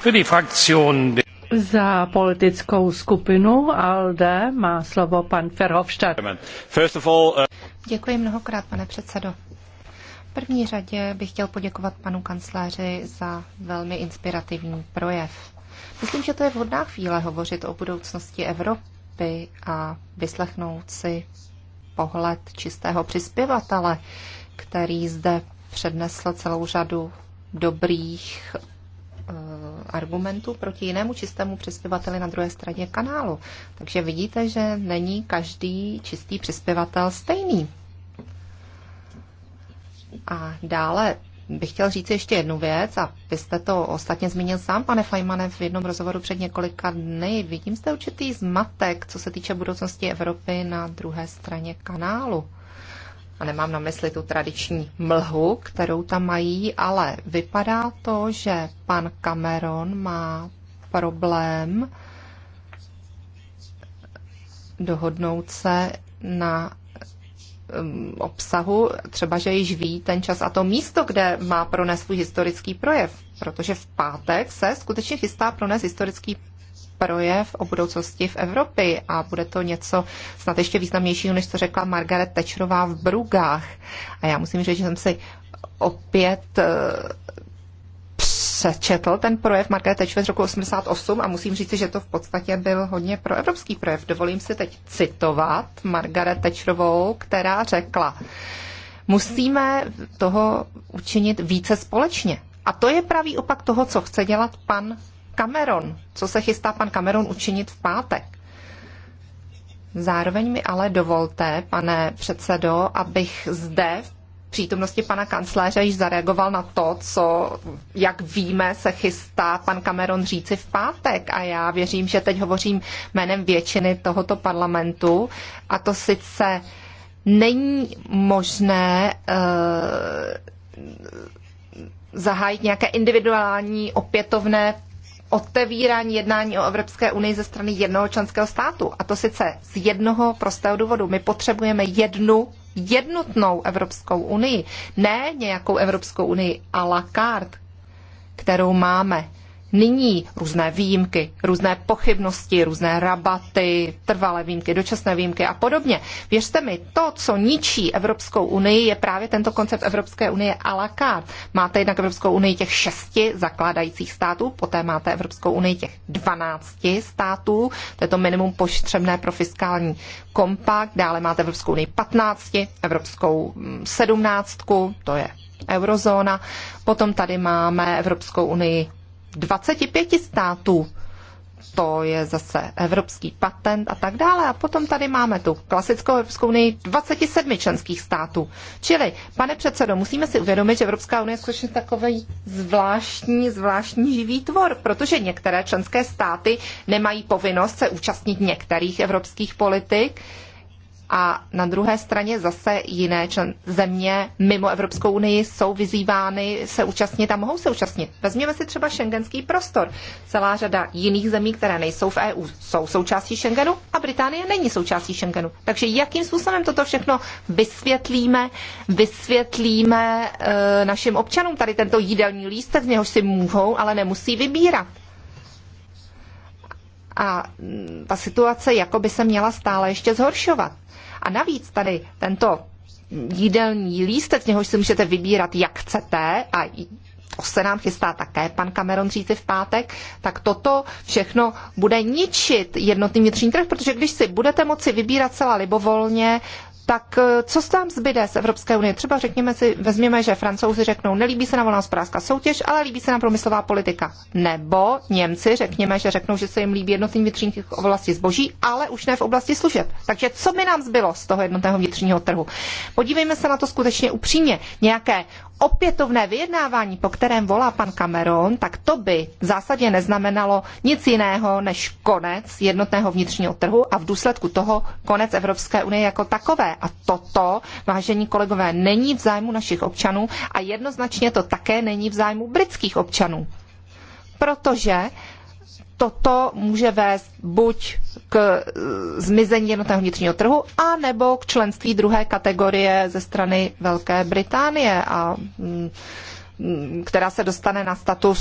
Für die Fraktion za politickou skupinu ALDE má slovo pan Ferhofstadt. Uh, Děkuji mnohokrát, pane předsedo. V první řadě bych chtěl poděkovat panu kancléři za velmi inspirativní projev. Myslím, že to je vhodná chvíle hovořit o budoucnosti Evropy a vyslechnout si pohled čistého přispěvatele, který zde přednesl celou řadu dobrých argumentu proti jinému čistému přispěvateli na druhé straně kanálu. Takže vidíte, že není každý čistý přispěvatel stejný. A dále bych chtěl říct ještě jednu věc a vy jste to ostatně zmínil sám, pane Fajmane, v jednom rozhovoru před několika dny. Vidím zde určitý zmatek, co se týče budoucnosti Evropy na druhé straně kanálu a nemám na mysli tu tradiční mlhu, kterou tam mají, ale vypadá to, že pan Cameron má problém dohodnout se na um, obsahu, třeba že již ví ten čas a to místo, kde má pronést svůj historický projev, protože v pátek se skutečně chystá pronést historický projev o budoucnosti v Evropě a bude to něco snad ještě významnějšího, než to řekla Margaret Thatcherová v Brugách. A já musím říct, že jsem si opět eh, přečetl ten projev Margaret Thatcher z roku 88 a musím říct, že to v podstatě byl hodně proevropský projev. Dovolím si teď citovat Margaret Thatcherovou, která řekla, musíme toho učinit více společně. A to je pravý opak toho, co chce dělat pan Cameron, co se chystá pan Cameron učinit v pátek. Zároveň mi ale dovolte, pane předsedo, abych zde v přítomnosti pana kancléře již zareagoval na to, co, jak víme, se chystá pan Cameron říci v pátek. A já věřím, že teď hovořím jménem většiny tohoto parlamentu. A to sice není možné uh, zahájit nějaké individuální opětovné otevírání jednání o Evropské unii ze strany jednoho členského státu. A to sice z jednoho prostého důvodu. My potřebujeme jednu jednotnou Evropskou unii, ne nějakou Evropskou unii à la carte, kterou máme nyní různé výjimky, různé pochybnosti, různé rabaty, trvalé výjimky, dočasné výjimky a podobně. Věřte mi, to, co ničí Evropskou unii, je právě tento koncept Evropské unie à la carte. Máte jednak Evropskou unii těch šesti zakládajících států, poté máte Evropskou unii těch dvanácti států, to je to minimum potřebné pro fiskální kompakt, dále máte Evropskou unii patnácti, Evropskou mm, sedmnáctku, to je eurozóna. Potom tady máme Evropskou unii 25 států. To je zase evropský patent a tak dále. A potom tady máme tu klasickou Evropskou unii 27 členských států. Čili, pane předsedo, musíme si uvědomit, že Evropská unie je skutečně takový zvláštní, zvláštní živý tvor, protože některé členské státy nemají povinnost se účastnit některých evropských politik a na druhé straně zase jiné člen, země mimo Evropskou unii jsou vyzývány se účastnit a mohou se účastnit. Vezměme si třeba šengenský prostor. Celá řada jiných zemí, které nejsou v EU, jsou součástí Schengenu a Británie není součástí Schengenu. Takže jakým způsobem toto všechno vysvětlíme, vysvětlíme e, našim občanům tady tento jídelní lístek, z něhož si mohou, ale nemusí vybírat a ta situace jako by se měla stále ještě zhoršovat. A navíc tady tento jídelní lístek, z něhož si můžete vybírat, jak chcete, a to se nám chystá také pan Cameron říci v pátek, tak toto všechno bude ničit jednotný vnitřní trh, protože když si budete moci vybírat celá libovolně, tak eh, co tam zbyde z Evropské unie? Třeba řekněme si, vezměme, že francouzi řeknou, nelíbí se nám volná hospodářská soutěž, ale líbí se nám promyslová politika. Nebo Němci řekněme, že řeknou, že se jim líbí jednotný vnitřní trh v oblasti zboží, ale už ne v oblasti služeb. Takže co by nám zbylo z toho jednotného vnitřního trhu? Podívejme se na to skutečně upřímně. Nějaké opětovné vyjednávání, po kterém volá pan Cameron, tak to by v zásadě neznamenalo nic jiného než konec jednotného vnitřního trhu a v důsledku toho konec Evropské unie jako takové. A toto, vážení kolegové, není v zájmu našich občanů a jednoznačně to také není v zájmu britských občanů. Protože toto může vést buď k eh, zmizení jednotného vnitřního trhu, a nebo k členství druhé kategorie ze strany Velké Británie, a, mm, mm, která se dostane na status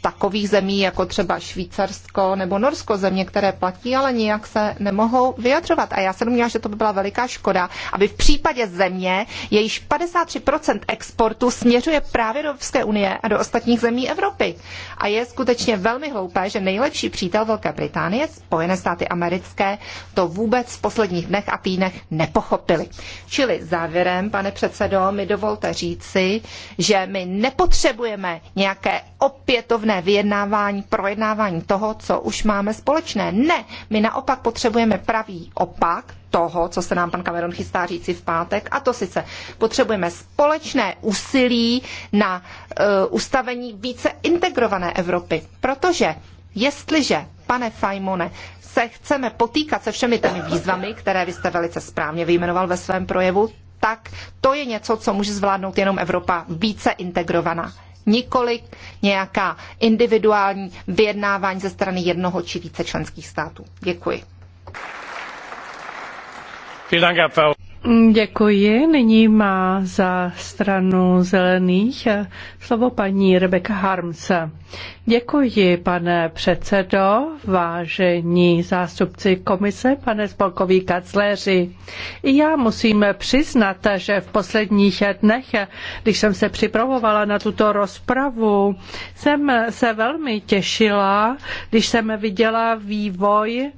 takových zemí, jako třeba Švýcarsko nebo Norsko, země, které platí, ale nijak se nemohou vyjadřovat. A já se domnívám, že to by byla veliká škoda, aby v případě země, jejíž 53% exportu směřuje právě do Evropské unie a do ostatních zemí Evropy. A je skutečně velmi hloupé, že nejlepší přítel Velké Británie, Spojené státy americké, to vůbec v posledních dnech a týdnech nepochopili. Čili závěrem, pane předsedo, mi dovolte říci, že my nepotřebujeme nějaké opětovné rovné vyjednávání, projednávání toho, co už máme společné. Ne, my naopak potřebujeme pravý opak toho, co se nám pan Cameron chystá říci v pátek, a to sice potřebujeme společné úsilí na uh, ustavení více integrované Evropy, protože jestliže, pane Fajmone, se chceme potýkat se všemi těmi výzvami, které vy jste velice správně vyjmenoval ve svém projevu, tak to je něco, co může zvládnout jenom Evropa více integrovaná nikoli nějaká individuální vyjednávání ze strany jednoho či více členských států. Děkuji. Děkuji. Nyní má za stranu zelených slovo paní Rebecca Harms. Děkuji, pane předsedo, vážení zástupci komise, pane spolkový kacléři. Já musím přiznat, že v posledních dnech, když jsem se připravovala na tuto rozpravu, jsem se velmi těšila, když jsem viděla vývoj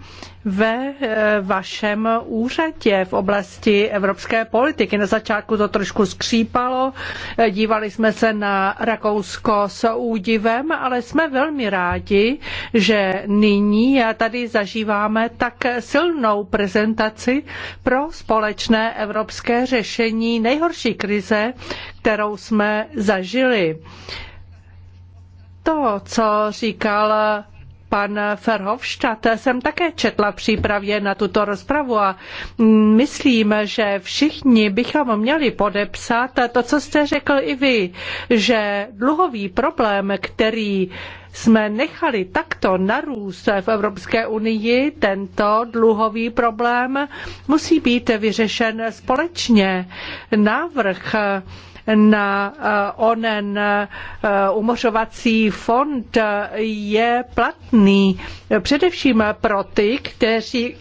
ve eh, vašem úřadě v oblasti evropské politiky. Na začátku to trošku skřípalo, eh, dívali jsme se na Rakousko s údivem, ale jsme velmi rádi, že nyní tady zažíváme tak silnou prezentaci pro společné evropské řešení nejhorší krize, kterou jsme zažili. To, co říkal pan Verhofstadt jsem také četla v přípravě na tuto rozpravu a myslím, že všichni bychom měli podepsat to, co jste řekl i vy, že dluhový problém, který jsme nechali takto narůst v Evropské unii, tento dluhový problém musí být vyřešen společně. Návrh na eh, onen eh, umořovací fond je platný eh, především pro ty, kteří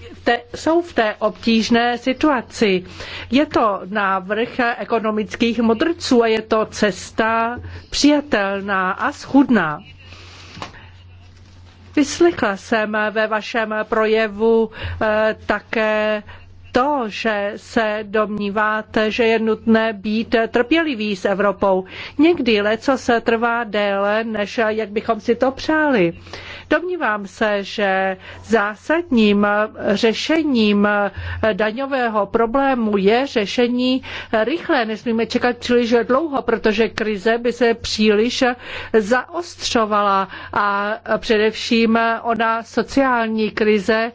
jsou v té obtížné situaci. Je to návrh ekonomických modrců a je to cesta přijatelná a schudná. Vyslechla jsem ve vašem projevu také to, že se domníváte, že je nutné být trpělivý s Evropou. Někdy leco se trvá déle, než jak bychom si to přáli. Domnívám se, že zásadním řešením daňového problému je řešení rychlé. Nesmíme čekat příliš dlouho, protože krize by se příliš zaostřovala a především ona sociální krize,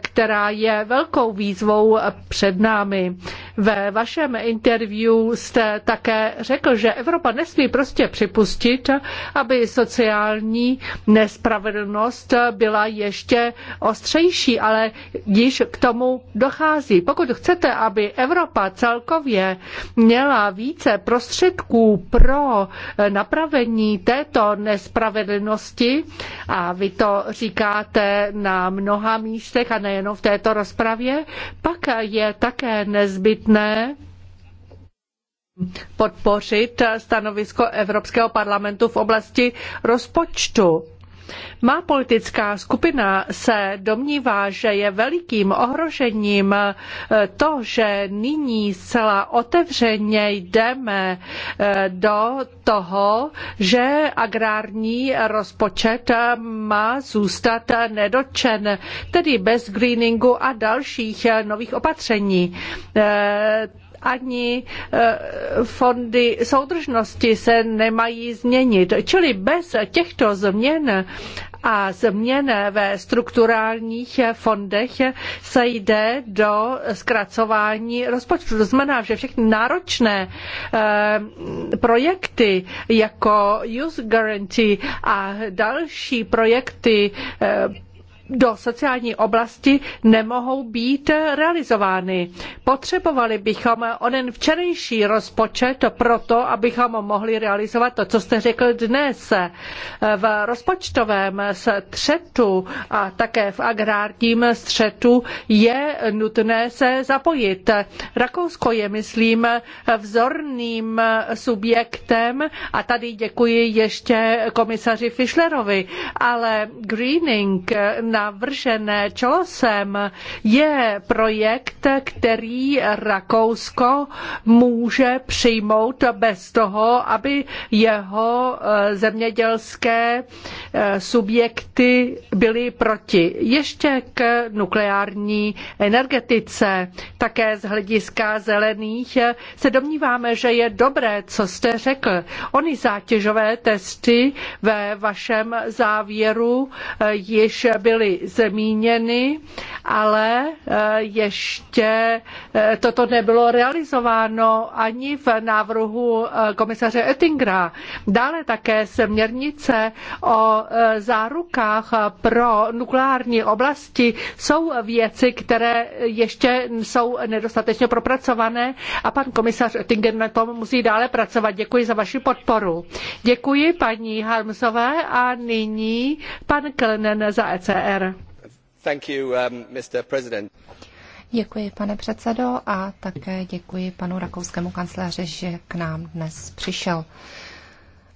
která je velkou výzvou před námi. Ve vašem interview jste také řekl, že Evropa nesmí prostě připustit, aby sociální nespravedlnost pozornost byla ještě ostřejší, ale již k tomu dochází. Pokud chcete, aby Evropa celkově měla více prostředků pro napravení této nespravedlnosti, a vy to říkáte na mnoha místech a nejenom v této rozpravě, pak je také nezbytné podpořit stanovisko Evropského parlamentu v oblasti rozpočtu. Má politická skupina se domnívá, že je velikým ohrožením eh, to, že nyní zcela otevřeně jdeme eh, do toho, že agrární rozpočet eh, má zůstat nedotčen, tedy bez greeningu a dalších nových opatření ani eh, fondy soudržnosti se nemají změnit. Čili bez těchto změn a změn ve strukturálních fondech se jde do zkracování rozpočtu. To znamená, že všechny náročné eh, projekty jako Youth Guarantee a další projekty eh, do sociální oblasti nemohou být realizovány. Potřebovali bychom onen včerejší rozpočet proto, abychom mohli realizovat to, co jste řekl dnes. V rozpočtovém střetu a také v agrárním střetu je nutné se zapojit. Rakousko je, myslím, vzorným subjektem a tady děkuji ještě komisaři Fischlerovi, ale greening navržené Čolosem je projekt, který Rakousko může přijmout bez toho, aby jeho eh, zemědělské eh, subjekty byly proti. Ještě k nukleární energetice, také z hlediska zelených, eh, se domníváme, že je dobré, co jste řekl. Ony zátěžové testy ve vašem závěru již byly byly zmíněny, ale eh, ještě eh, toto nebylo realizováno ani v návrhu eh, komisaře Ettingera. Dále také směrnice o zárukách pro nukleární oblasti jsou věci, které ještě jsou nedostatečně propracované a pan komisař Ettinger na tom musí dále pracovat. Děkuji za vaši podporu. Děkuji paní Harmsové a nyní pan Klenen za ECE. Um, děkuji, pane předsedo, a také děkuji panu rakouskému kancléři, že k nám dnes přišel.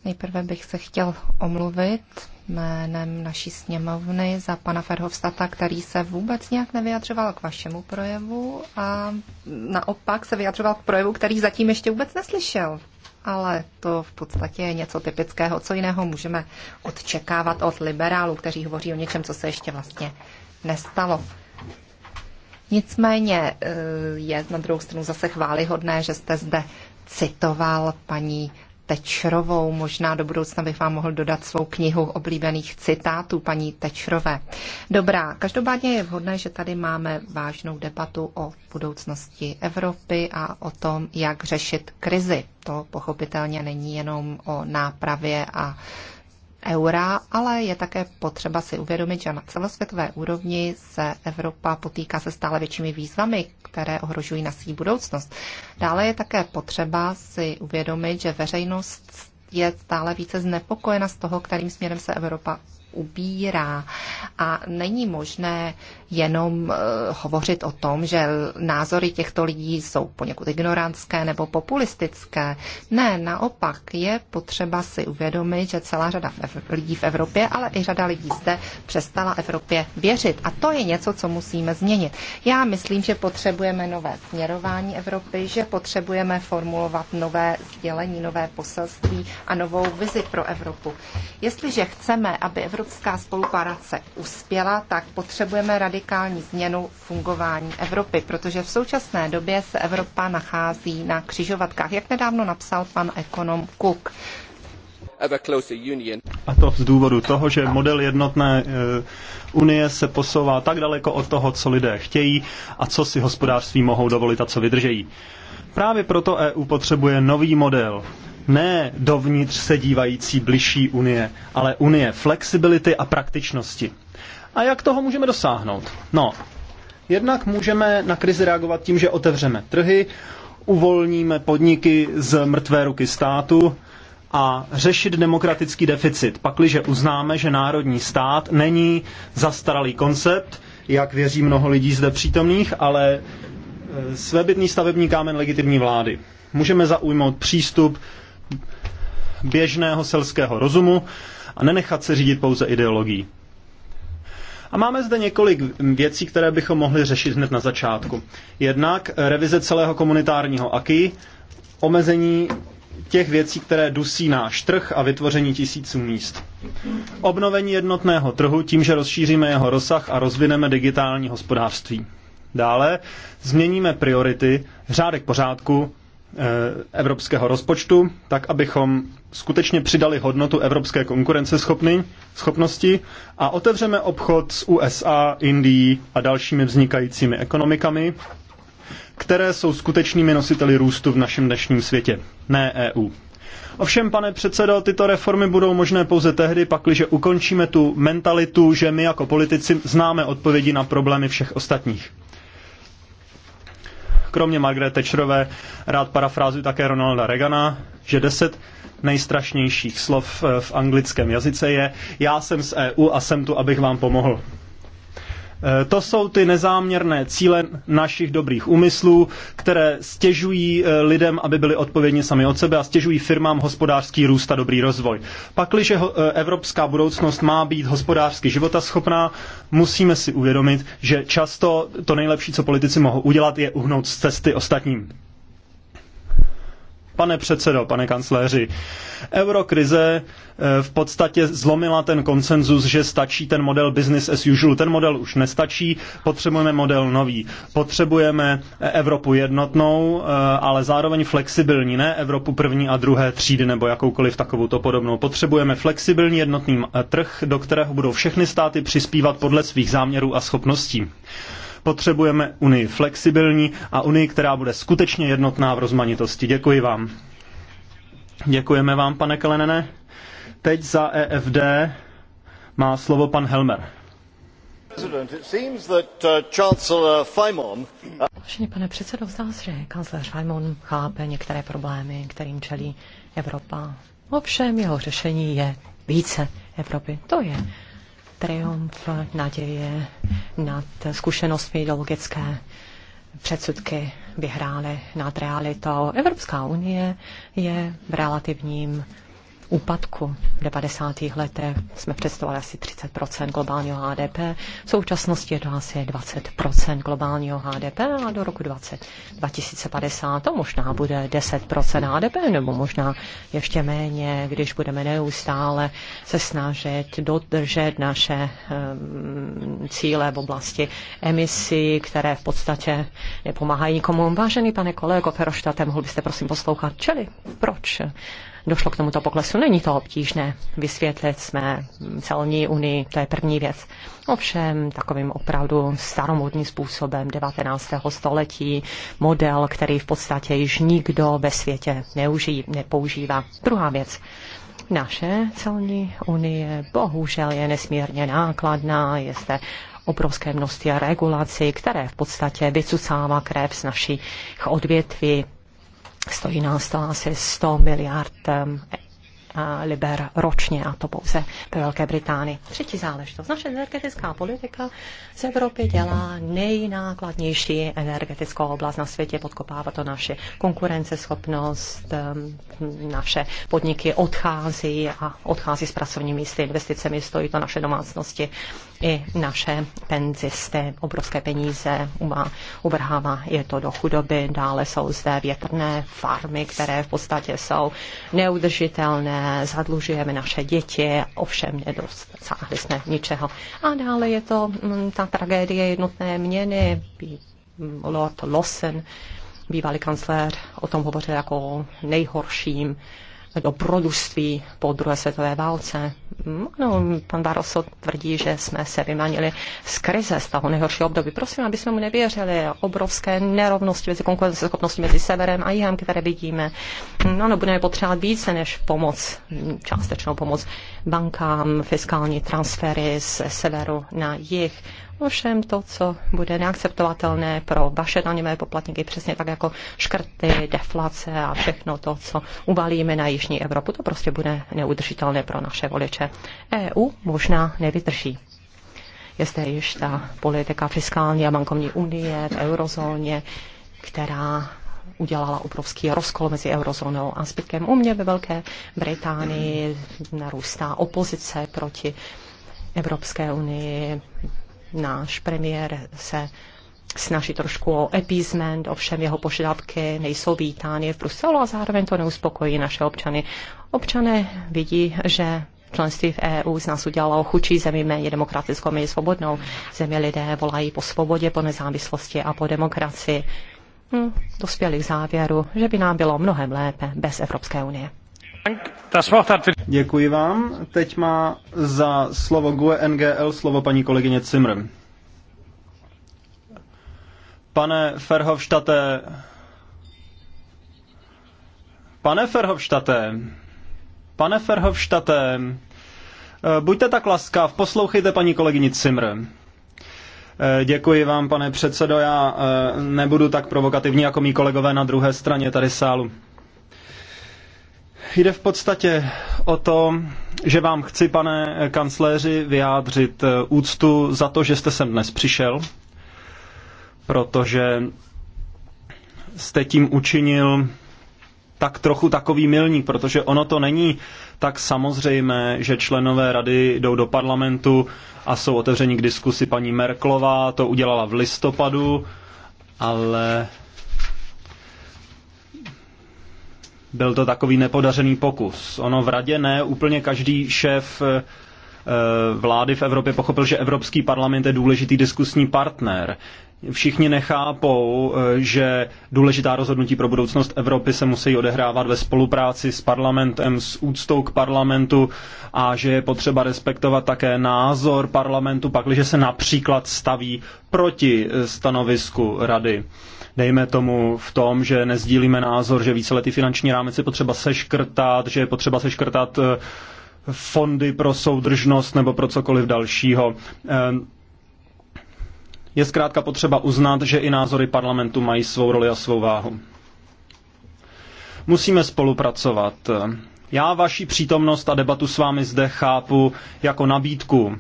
Nejprve bych se chtěl omluvit jménem naší sněmovny za pana Ferhovstata, který se vůbec nějak nevyjadřoval k vašemu projevu a naopak se vyjadřoval k projevu, který zatím ještě vůbec neslyšel ale to v podstatě je něco typického. Co jiného můžeme odčekávat od liberálů, kteří hovoří o něčem, co se ještě vlastně nestalo. Nicméně eh, je na druhou stranu zase chválihodné, že jste zde citoval paní Tečrovou. Možná do budoucna bych vám mohl dodat svou knihu oblíbených citátů paní Tečrové. Dobrá, každopádně je vhodné, že tady máme vážnou debatu o budoucnosti Evropy a o tom, jak řešit krizi. To pochopitelně není jenom o nápravě a eura, ale je také potřeba si uvědomit, že na celosvětové úrovni se Evropa potýká se stále většími výzvami, které ohrožují svý budoucnost. Dále je také potřeba si uvědomit, že veřejnost je stále více znepokojena z toho, kterým směrem se Evropa ubírá. A není možné jenom eh, hovořit o tom, že názory těchto lidí jsou poněkud ignorantské nebo populistické. Ne, naopak je potřeba si uvědomit, že celá řada lidí v Evropě, ale i řada lidí zde přestala Evropě věřit. A to je něco, co musíme změnit. Já myslím, že potřebujeme nové směrování Evropy, že potřebujeme formulovat nové sdělení, nové poselství a novou vizi pro Evropu. Jestliže chceme, aby evropská spolupráce uspěla, tak potřebujeme rady radikální změnu fungování Evropy, protože v současné době se Evropa nachází na křižovatkách, jak nedávno napsal pan ekonom Cook. A to z důvodu toho, že model jednotné eh, unie se posouvá tak daleko od toho, co lidé chtějí a co si hospodářství mohou dovolit a co vydržejí. Právě proto EU potřebuje nový model. Ne dovnitř se dívající bližší unie, ale unie flexibility a praktičnosti. A jak toho můžeme dosáhnout? No, jednak můžeme na krizi reagovat tím, že otevřeme trhy, uvolníme podniky z mrtvé ruky státu a řešit demokratický deficit, pakliže uznáme, že národní stát není zastaralý koncept, jak věří mnoho lidí zde přítomných, ale e, svébytný stavební kámen legitimní vlády. Můžeme zaujmout přístup běžného selského rozumu a nenechat se řídit pouze ideologií. A máme zde několik věcí, které bychom mohli řešit hned na začátku. Jednak revize celého komunitárního AKI, omezení těch věcí, které dusí náš trh a vytvoření tisíců míst. Obnovení jednotného trhu tím, že rozšíříme jeho rozsah a rozvineme digitální hospodářství. Dále změníme priority, řádek pořádku Eh, evropského rozpočtu, tak abychom skutečně přidali hodnotu evropské konkurenceschopnosti a otevřeme obchod s USA, Indií a dalšími vznikajícími ekonomikami, které jsou skutečnými nositeli růstu v našem dnešním světě, ne EU. Ovšem, pane předsedo, tyto reformy budou možné pouze tehdy, pakliže ukončíme tu mentalitu, že my jako politici známe odpovědi na problémy všech ostatních kromě Margaret Thatcherové, rád parafrázuji také Ronalda Reagana, že deset nejstrašnějších slov eh, v anglickém jazyce je já jsem z EU a jsem tu, abych vám pomohl. Eh, to jsou ty nezáměrné cíle našich dobrých úmyslů, které stěžují eh, lidem, aby byli odpovědní sami od sebe a stěžují firmám hospodářský růst a dobrý rozvoj. Pakliže eh, evropská budoucnost má být hospodářsky životaschopná, musíme si uvědomit, že často to nejlepší, co politici mohou udělat, je uhnout z cesty ostatním. Pane předsedo, pane kancléři, eurokrize eh, v podstatě zlomila ten konsenzus, že stačí ten model business as usual. Ten model už nestačí, potřebujeme model nový. Potřebujeme Evropu jednotnou, eh, ale zároveň flexibilní, ne Evropu první a druhé třídy nebo jakoukoliv takovou to podobnou. Potřebujeme flexibilní jednotný eh, trh, do kterého budou všechny státy přispívat podle svých záměrů a schopností. Potřebujeme Unii flexibilní a Unii, která bude skutečně jednotná v rozmanitosti. Děkuji vám. Děkujeme vám, pane Kalenene. Teď za EFD má slovo pan Helmer. Uh, uh, Vážený pane předsedo, zdá se, že kancléř Fajmon chápe některé problémy, kterým čelí Evropa. Ovšem jeho řešení je více Evropy. To je triumf naděje nad zkušenostmi ideologické předsudky vyhrály nad realitou. Evropská unie je v relativním úpadku v 90. letech jsme představovali asi 30 globálního HDP, v současnosti je to asi 20 globálního HDP a do roku 20, 2050 to možná bude 10 HDP nebo možná ještě méně, když budeme neustále se snažit dodržet naše um, cíle v oblasti emisí, které v podstatě nepomáhají nikomu. Vážený pane kolego Feroštate, mohl byste prosím poslouchat, čili proč došlo k tomuto poklesu. Není to obtížné vysvětlit jsme celní unii, to je první věc. Ovšem takovým opravdu staromodním způsobem 19. století, model, který v podstatě již nikdo ve světě neuží, nepoužívá. Druhá věc. Naše celní unie bohužel je nesmírně nákladná, je zde obrovské množství regulací, které v podstatě vycucává krev z našich odvětví. Stojí nás to asi 100 miliard liber ročně, a to pouze ve Velké Británii. Třetí záležitost. Naše energetická politika z Evropy dělá nejnákladnější energetickou oblast na světě, podkopává to naše konkurenceschopnost, naše podniky odchází a odchází s pracovními místy, investicemi, stojí to naše domácnosti i naše penzisty. Obrovské peníze uvrhává je to do chudoby. Dále jsou zde větrné farmy, které v podstatě jsou neudržitelné, zadlužujeme naše děti, ovšem nedosáhli jsme ničeho. A dále je to mm, ta tragédie jednotné měny, Lord Lawson, bývalý kancléř, o tom hovořil jako o nejhorším dobrodružství po druhé světové válce. No, pan Baroso tvrdí, že jsme se vymanili z krize, z toho nejhoršího období. Prosím, aby jsme mu nevěřili. Obrovské nerovnosti mezi konkurenceschopností mezi severem a jihem, které vidíme. No, no, budeme potřebovat více než pomoc, částečnou pomoc bankám, fiskální transfery ze severu na jih. Ovšem to, co bude neakceptovatelné pro vaše daňové poplatníky, přesně tak jako škrty, deflace a všechno to, co uvalíme na Jižní Evropu, to prostě bude neudržitelné pro naše voliče. EU možná nevydrží. Je zde již ta politika fiskální a bankovní unie v eurozóně, která udělala obrovský rozkol mezi eurozónou a zbytkem umě ve Velké Británii. Narůstá opozice proti Evropské unii, náš premiér se snaží trošku o appeasement, ovšem jeho požadavky nejsou vítány v Bruselu a zároveň to neuspokojí naše občany. Občané vidí, že členství v EU z nás udělalo chučí zemi, méně demokratickou, méně svobodnou země Lidé volají po svobodě, po nezávislosti a po demokracii. Hm, dospěli k závěru, že by nám bylo mnohem lépe bez Evropské unie. Děkuji vám. Teď má za slovo GUE NGL slovo paní kolegyně Cimr. Pane Ferhovštate, pane Ferhovštate, pane Ferhovštate, eh, buďte tak laskav, poslouchejte paní kolegyni Cimr. Eh, děkuji vám, pane předsedo, já eh, nebudu tak provokativní jako mý kolegové na druhé straně tady sálu. Jde v podstatě o to, že vám chci, pane kancléři, vyjádřit eh, úctu za to, že jste sem dnes přišel, protože jste tím učinil tak trochu takový milník, protože ono to není tak samozřejmé, že členové rady jdou do parlamentu a jsou otevřeni k diskusi paní Merklová, to udělala v listopadu, ale Byl to takový nepodařený pokus. Ono v radě ne, úplně každý šéf eh, vlády v Evropě pochopil, že Evropský parlament je důležitý diskusní partner. Všichni nechápou, eh, že důležitá rozhodnutí pro budoucnost Evropy se musí odehrávat ve spolupráci s parlamentem, s úctou k parlamentu a že je potřeba respektovat také názor parlamentu, pakliže se například staví proti eh, stanovisku rady dejme tomu v tom, že nezdílíme názor, že víceletý finanční rámec je potřeba seškrtat, že je potřeba seškrtat eh, fondy pro soudržnost nebo pro cokoliv dalšího. Eh, je zkrátka potřeba uznat, že i názory parlamentu mají svou roli a svou váhu. Musíme spolupracovat. Já vaši přítomnost a debatu s vámi zde chápu jako nabídku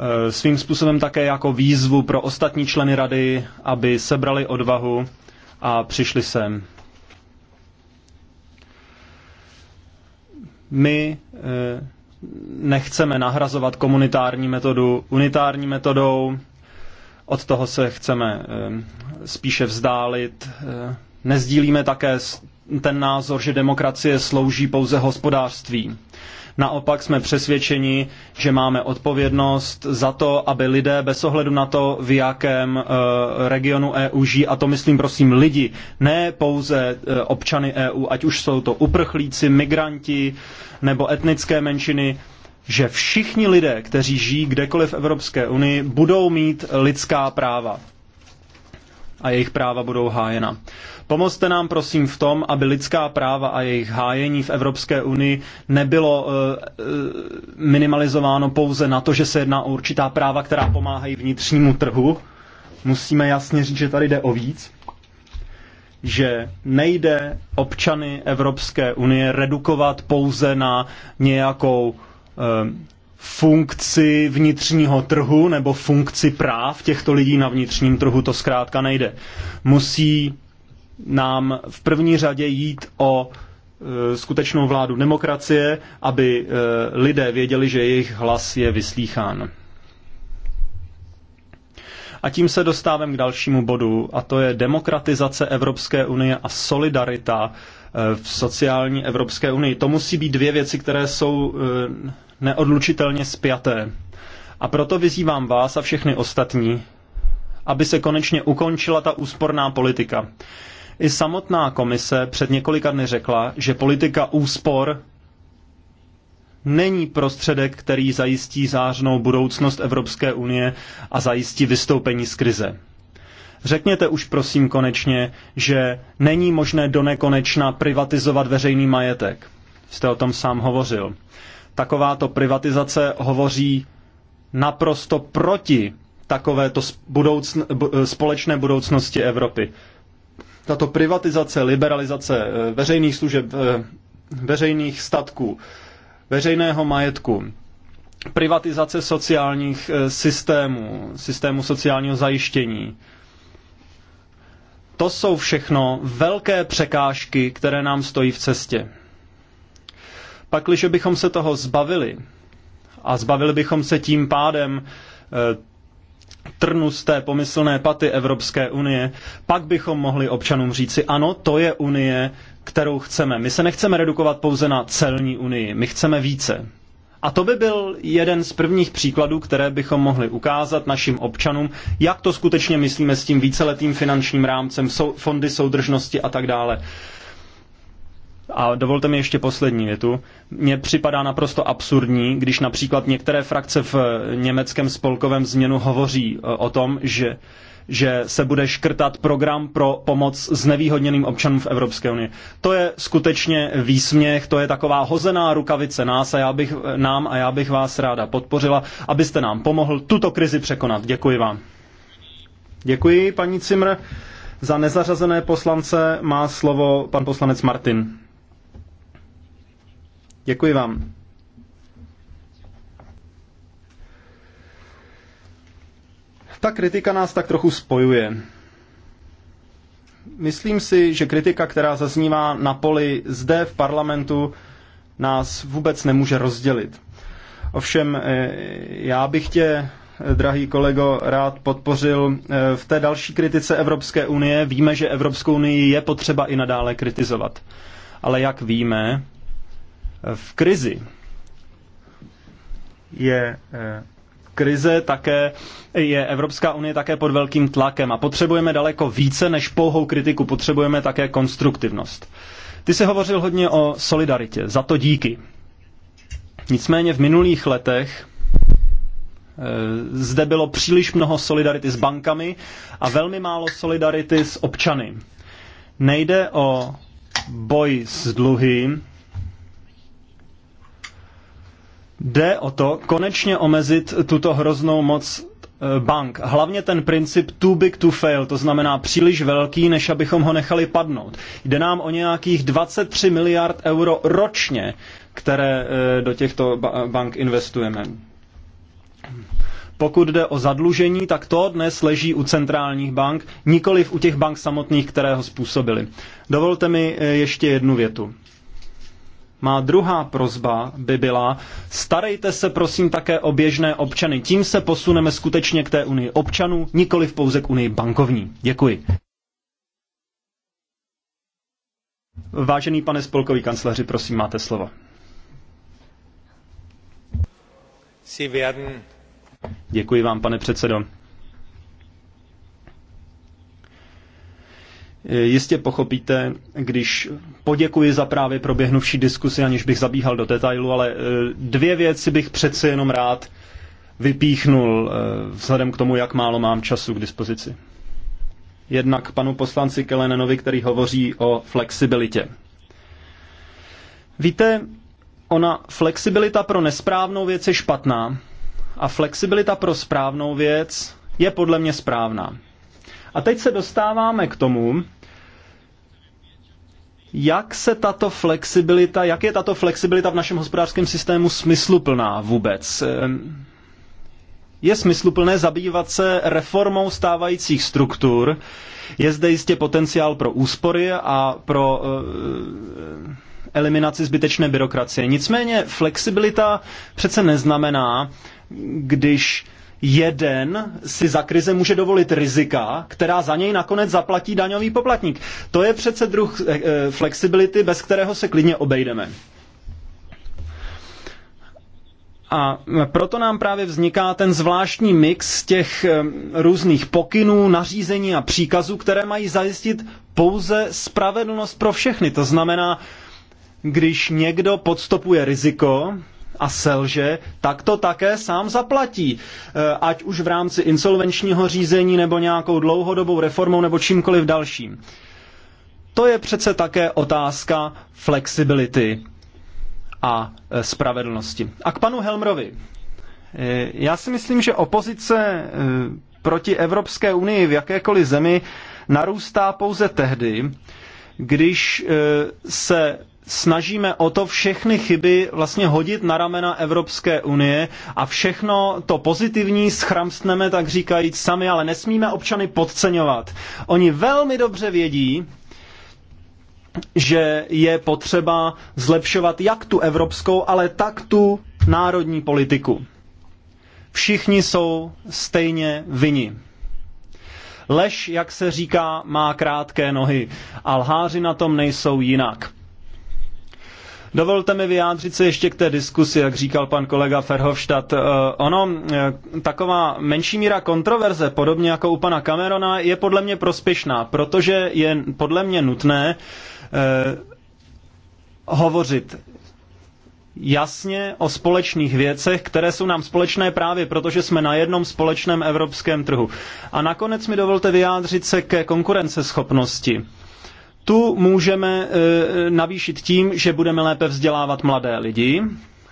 Eh, svým způsobem také jako výzvu pro ostatní členy rady, aby sebrali odvahu a přišli sem. My eh, nechceme nahrazovat komunitární metodu unitární metodou, od toho se chceme eh, spíše vzdálit. Nezdílíme také ten názor, že demokracie slouží pouze hospodářství. Naopak jsme přesvědčeni, že máme odpovědnost za to, aby lidé bez ohledu na to, v jakém eh, regionu EU žijí, a to myslím prosím lidi, ne pouze eh, občany EU, ať už jsou to uprchlíci, migranti nebo etnické menšiny, že všichni lidé, kteří žijí kdekoliv v Evropské unii, budou mít lidská práva a jejich práva budou hájena. Pomozte nám prosím v tom, aby lidská práva a jejich hájení v Evropské unii nebylo eh, eh, minimalizováno pouze na to, že se jedná o určitá práva, která pomáhají vnitřnímu trhu. Musíme jasně říct, že tady jde o víc že nejde občany Evropské unie redukovat pouze na nějakou eh, funkci vnitřního trhu nebo funkci práv těchto lidí na vnitřním trhu, to zkrátka nejde. Musí nám v první řadě jít o e, skutečnou vládu demokracie, aby e, lidé věděli, že jejich hlas je vyslýchán. A tím se dostávám k dalšímu bodu, a to je demokratizace Evropské unie a solidarita e, v sociální Evropské unii. To musí být dvě věci, které jsou neodlučitelně spjaté. A proto vyzývám vás a všechny ostatní, aby se konečně ukončila ta úsporná politika. I samotná komise před několika dny řekla, že politika úspor není prostředek, který zajistí zářnou budoucnost Evropské unie a zajistí vystoupení z krize. Řekněte už prosím konečně, že není možné do nekonečna privatizovat veřejný majetek. Jste o tom sám hovořil. Takováto privatizace hovoří naprosto proti takovéto budoucn- společné budoucnosti Evropy tato privatizace, liberalizace eh, veřejných služeb, eh, veřejných statků, veřejného majetku, privatizace sociálních eh, systémů, systému sociálního zajištění, to jsou všechno velké překážky, které nám stojí v cestě. Pakliže bychom se toho zbavili, a zbavili bychom se tím pádem trnu z té pomyslné paty Evropské unie, pak bychom mohli občanům říci, ano, to je unie, kterou chceme. My se nechceme redukovat pouze na celní unii, my chceme více. A to by byl jeden z prvních příkladů, které bychom mohli ukázat našim občanům, jak to skutečně myslíme s tím víceletým finančním rámcem, fondy soudržnosti a tak dále. A dovolte mi ještě poslední větu. Mně připadá naprosto absurdní, když například některé frakce v německém spolkovém změnu hovoří e, o tom, že že se bude škrtat program pro pomoc znevýhodněným občanům v Evropské unii. To je skutečně výsměch, to je taková hozená rukavice nás a já bych, e, nám a já bych vás ráda podpořila, abyste nám pomohl tuto krizi překonat. Děkuji vám. Děkuji, paní Cimr. Za nezařazené poslance má slovo pan poslanec Martin. Děkuji vám. Ta kritika nás tak trochu spojuje. Myslím si, že kritika, která zaznívá na poli zde v parlamentu, nás vůbec nemůže rozdělit. Ovšem, eh, já bych tě, eh, drahý kolego, rád podpořil eh, v té další kritice Evropské unie. Víme, že Evropskou unii je potřeba i nadále kritizovat. Ale jak víme, v krizi je eh, krize také, je Evropská unie také pod velkým tlakem a potřebujeme daleko více než pouhou kritiku, potřebujeme také konstruktivnost. Ty jsi hovořil hodně o solidaritě, za to díky. Nicméně v minulých letech eh, zde bylo příliš mnoho solidarity s bankami a velmi málo solidarity s občany. Nejde o boj s dluhy, jde o to konečně omezit tuto hroznou moc eh, bank. Hlavně ten princip too big to fail, to znamená příliš velký, než abychom ho nechali padnout. Jde nám o nějakých 23 miliard euro ročně, které eh, do těchto bank investujeme. Pokud jde o zadlužení, tak to dnes leží u centrálních bank, nikoliv u těch bank samotných, které ho způsobili. Dovolte mi eh, ještě jednu větu. Má druhá prozba by byla, starejte se prosím také o běžné občany. Tím se posuneme skutečně k té unii občanů, nikoli pouze k unii bankovní. Děkuji. Vážený pane spolkový kancléři, prosím, máte slovo. Děkuji vám, pane předsedo. Eh, jistě pochopíte, když poděkuji za právě proběhnuvší diskusi, aniž bych zabíhal do detailu, ale eh, dvě věci bych přece jenom rád vypíchnul eh, vzhledem k tomu, jak málo mám času k dispozici. Jednak panu poslanci Kelenenovi, který hovoří o flexibilitě. Víte, ona flexibilita pro nesprávnou věc je špatná a flexibilita pro správnou věc je podle mě správná. A teď se dostáváme k tomu, jak se tato flexibilita, jak je tato flexibilita v našem hospodářském systému smysluplná vůbec? Ehm, je smysluplné zabývat se reformou stávajících struktur. Je zde jistě potenciál pro úspory a pro eh, eliminaci zbytečné byrokracie. Nicméně flexibilita přece neznamená, když jeden si za krize může dovolit rizika, která za něj nakonec zaplatí daňový poplatník. To je přece druh eh, eh, flexibility, bez kterého se klidně obejdeme. A proto nám právě vzniká ten zvláštní mix těch eh, různých pokynů, nařízení a příkazů, které mají zajistit pouze spravedlnost pro všechny. To znamená, když někdo podstupuje riziko, a selže, tak to také sám zaplatí. E, ať už v rámci insolvenčního řízení nebo nějakou dlouhodobou reformou nebo čímkoliv dalším. To je přece také otázka flexibility a e, spravedlnosti. A k panu Helmrovi. E, já si myslím, že opozice proti Evropské unii v jakékoliv zemi narůstá pouze tehdy, když se snažíme o to všechny chyby vlastně hodit na ramena Evropské unie a všechno to pozitivní schramstneme, tak říkajíc, sami, ale nesmíme občany podceňovat. Oni velmi dobře vědí, že je potřeba zlepšovat jak tu evropskou, ale tak tu národní politiku. Všichni jsou stejně vini. Lež, jak se říká, má krátké nohy a lháři na tom nejsou jinak. Dovolte mi vyjádřit se ještě k té diskusi, jak říkal pan kolega Ferhofstadt. Eh, ono, eh, taková menší míra kontroverze, podobně jako u pana Camerona, je podle mě prospěšná, protože je podle mě nutné eh, hovořit jasně o společných věcech, které jsou nám společné právě protože jsme na jednom společném evropském trhu. A nakonec mi dovolte vyjádřit se ke konkurenceschopnosti tu můžeme eh, navýšit tím, že budeme lépe vzdělávat mladé lidi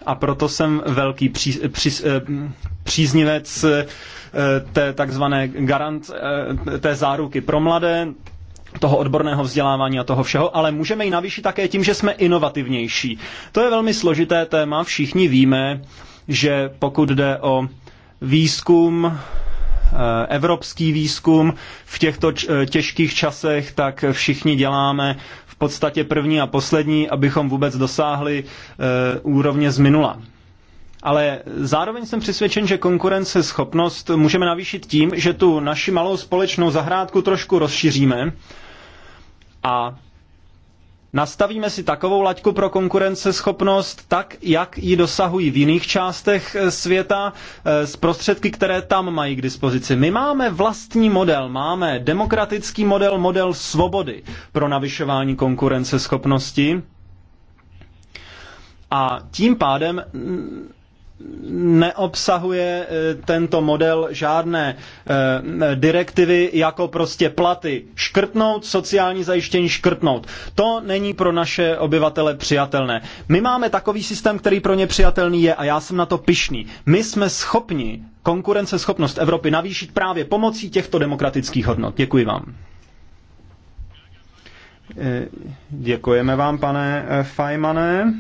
a proto jsem velký pří, pří, eh, příznivec eh, té takzvané garant, té záruky pro mladé, toho odborného vzdělávání a toho všeho, ale můžeme ji navýšit také tím, že jsme inovativnější. To je velmi složité téma, všichni víme, že pokud jde o výzkum, Eh, evropský výzkum v těchto eh, těžkých časech, tak všichni děláme v podstatě první a poslední, abychom vůbec dosáhli eh, úrovně z minula. Ale zároveň jsem přesvědčen, že konkurenceschopnost můžeme navýšit tím, že tu naši malou společnou zahrádku trošku rozšíříme a Nastavíme si takovou laťku pro konkurenceschopnost, tak jak ji dosahují v jiných částech eh, světa, z eh, prostředky, které tam mají k dispozici. My máme vlastní model, máme demokratický model, model svobody pro navyšování konkurenceschopnosti. A tím pádem mm, neobsahuje eh, tento model žádné eh, direktivy jako prostě platy. Škrtnout, sociální zajištění škrtnout. To není pro naše obyvatele přijatelné. My máme takový systém, který pro ně přijatelný je a já jsem na to pyšný. My jsme schopni konkurenceschopnost Evropy navýšit právě pomocí těchto demokratických hodnot. Děkuji vám. Eh, děkujeme vám, pane Fajmane.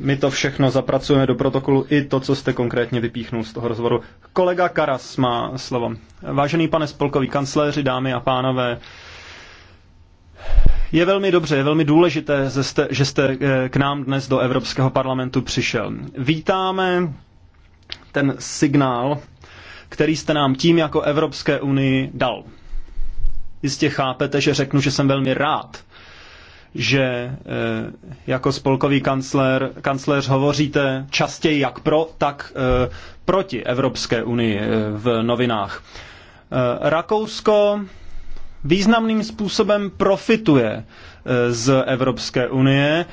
my to všechno zapracujeme do protokolu i to, co jste konkrétně vypíchnul z toho rozhovoru. Kolega Karas má slovo. Vážený pane spolkový kancléři, dámy a pánové, je velmi dobře, je velmi důležité, že jste eh, k nám dnes do Evropského parlamentu přišel. Vítáme ten signál, který jste nám tím jako Evropské unii dal. Jistě chápete, že řeknu, že jsem velmi rád, že eh, jako spolkový kancler, kancléř hovoříte častěji jak pro, tak eh, proti Evropské unii eh, v novinách. Rakousko významným způsobem profituje z Evropské unie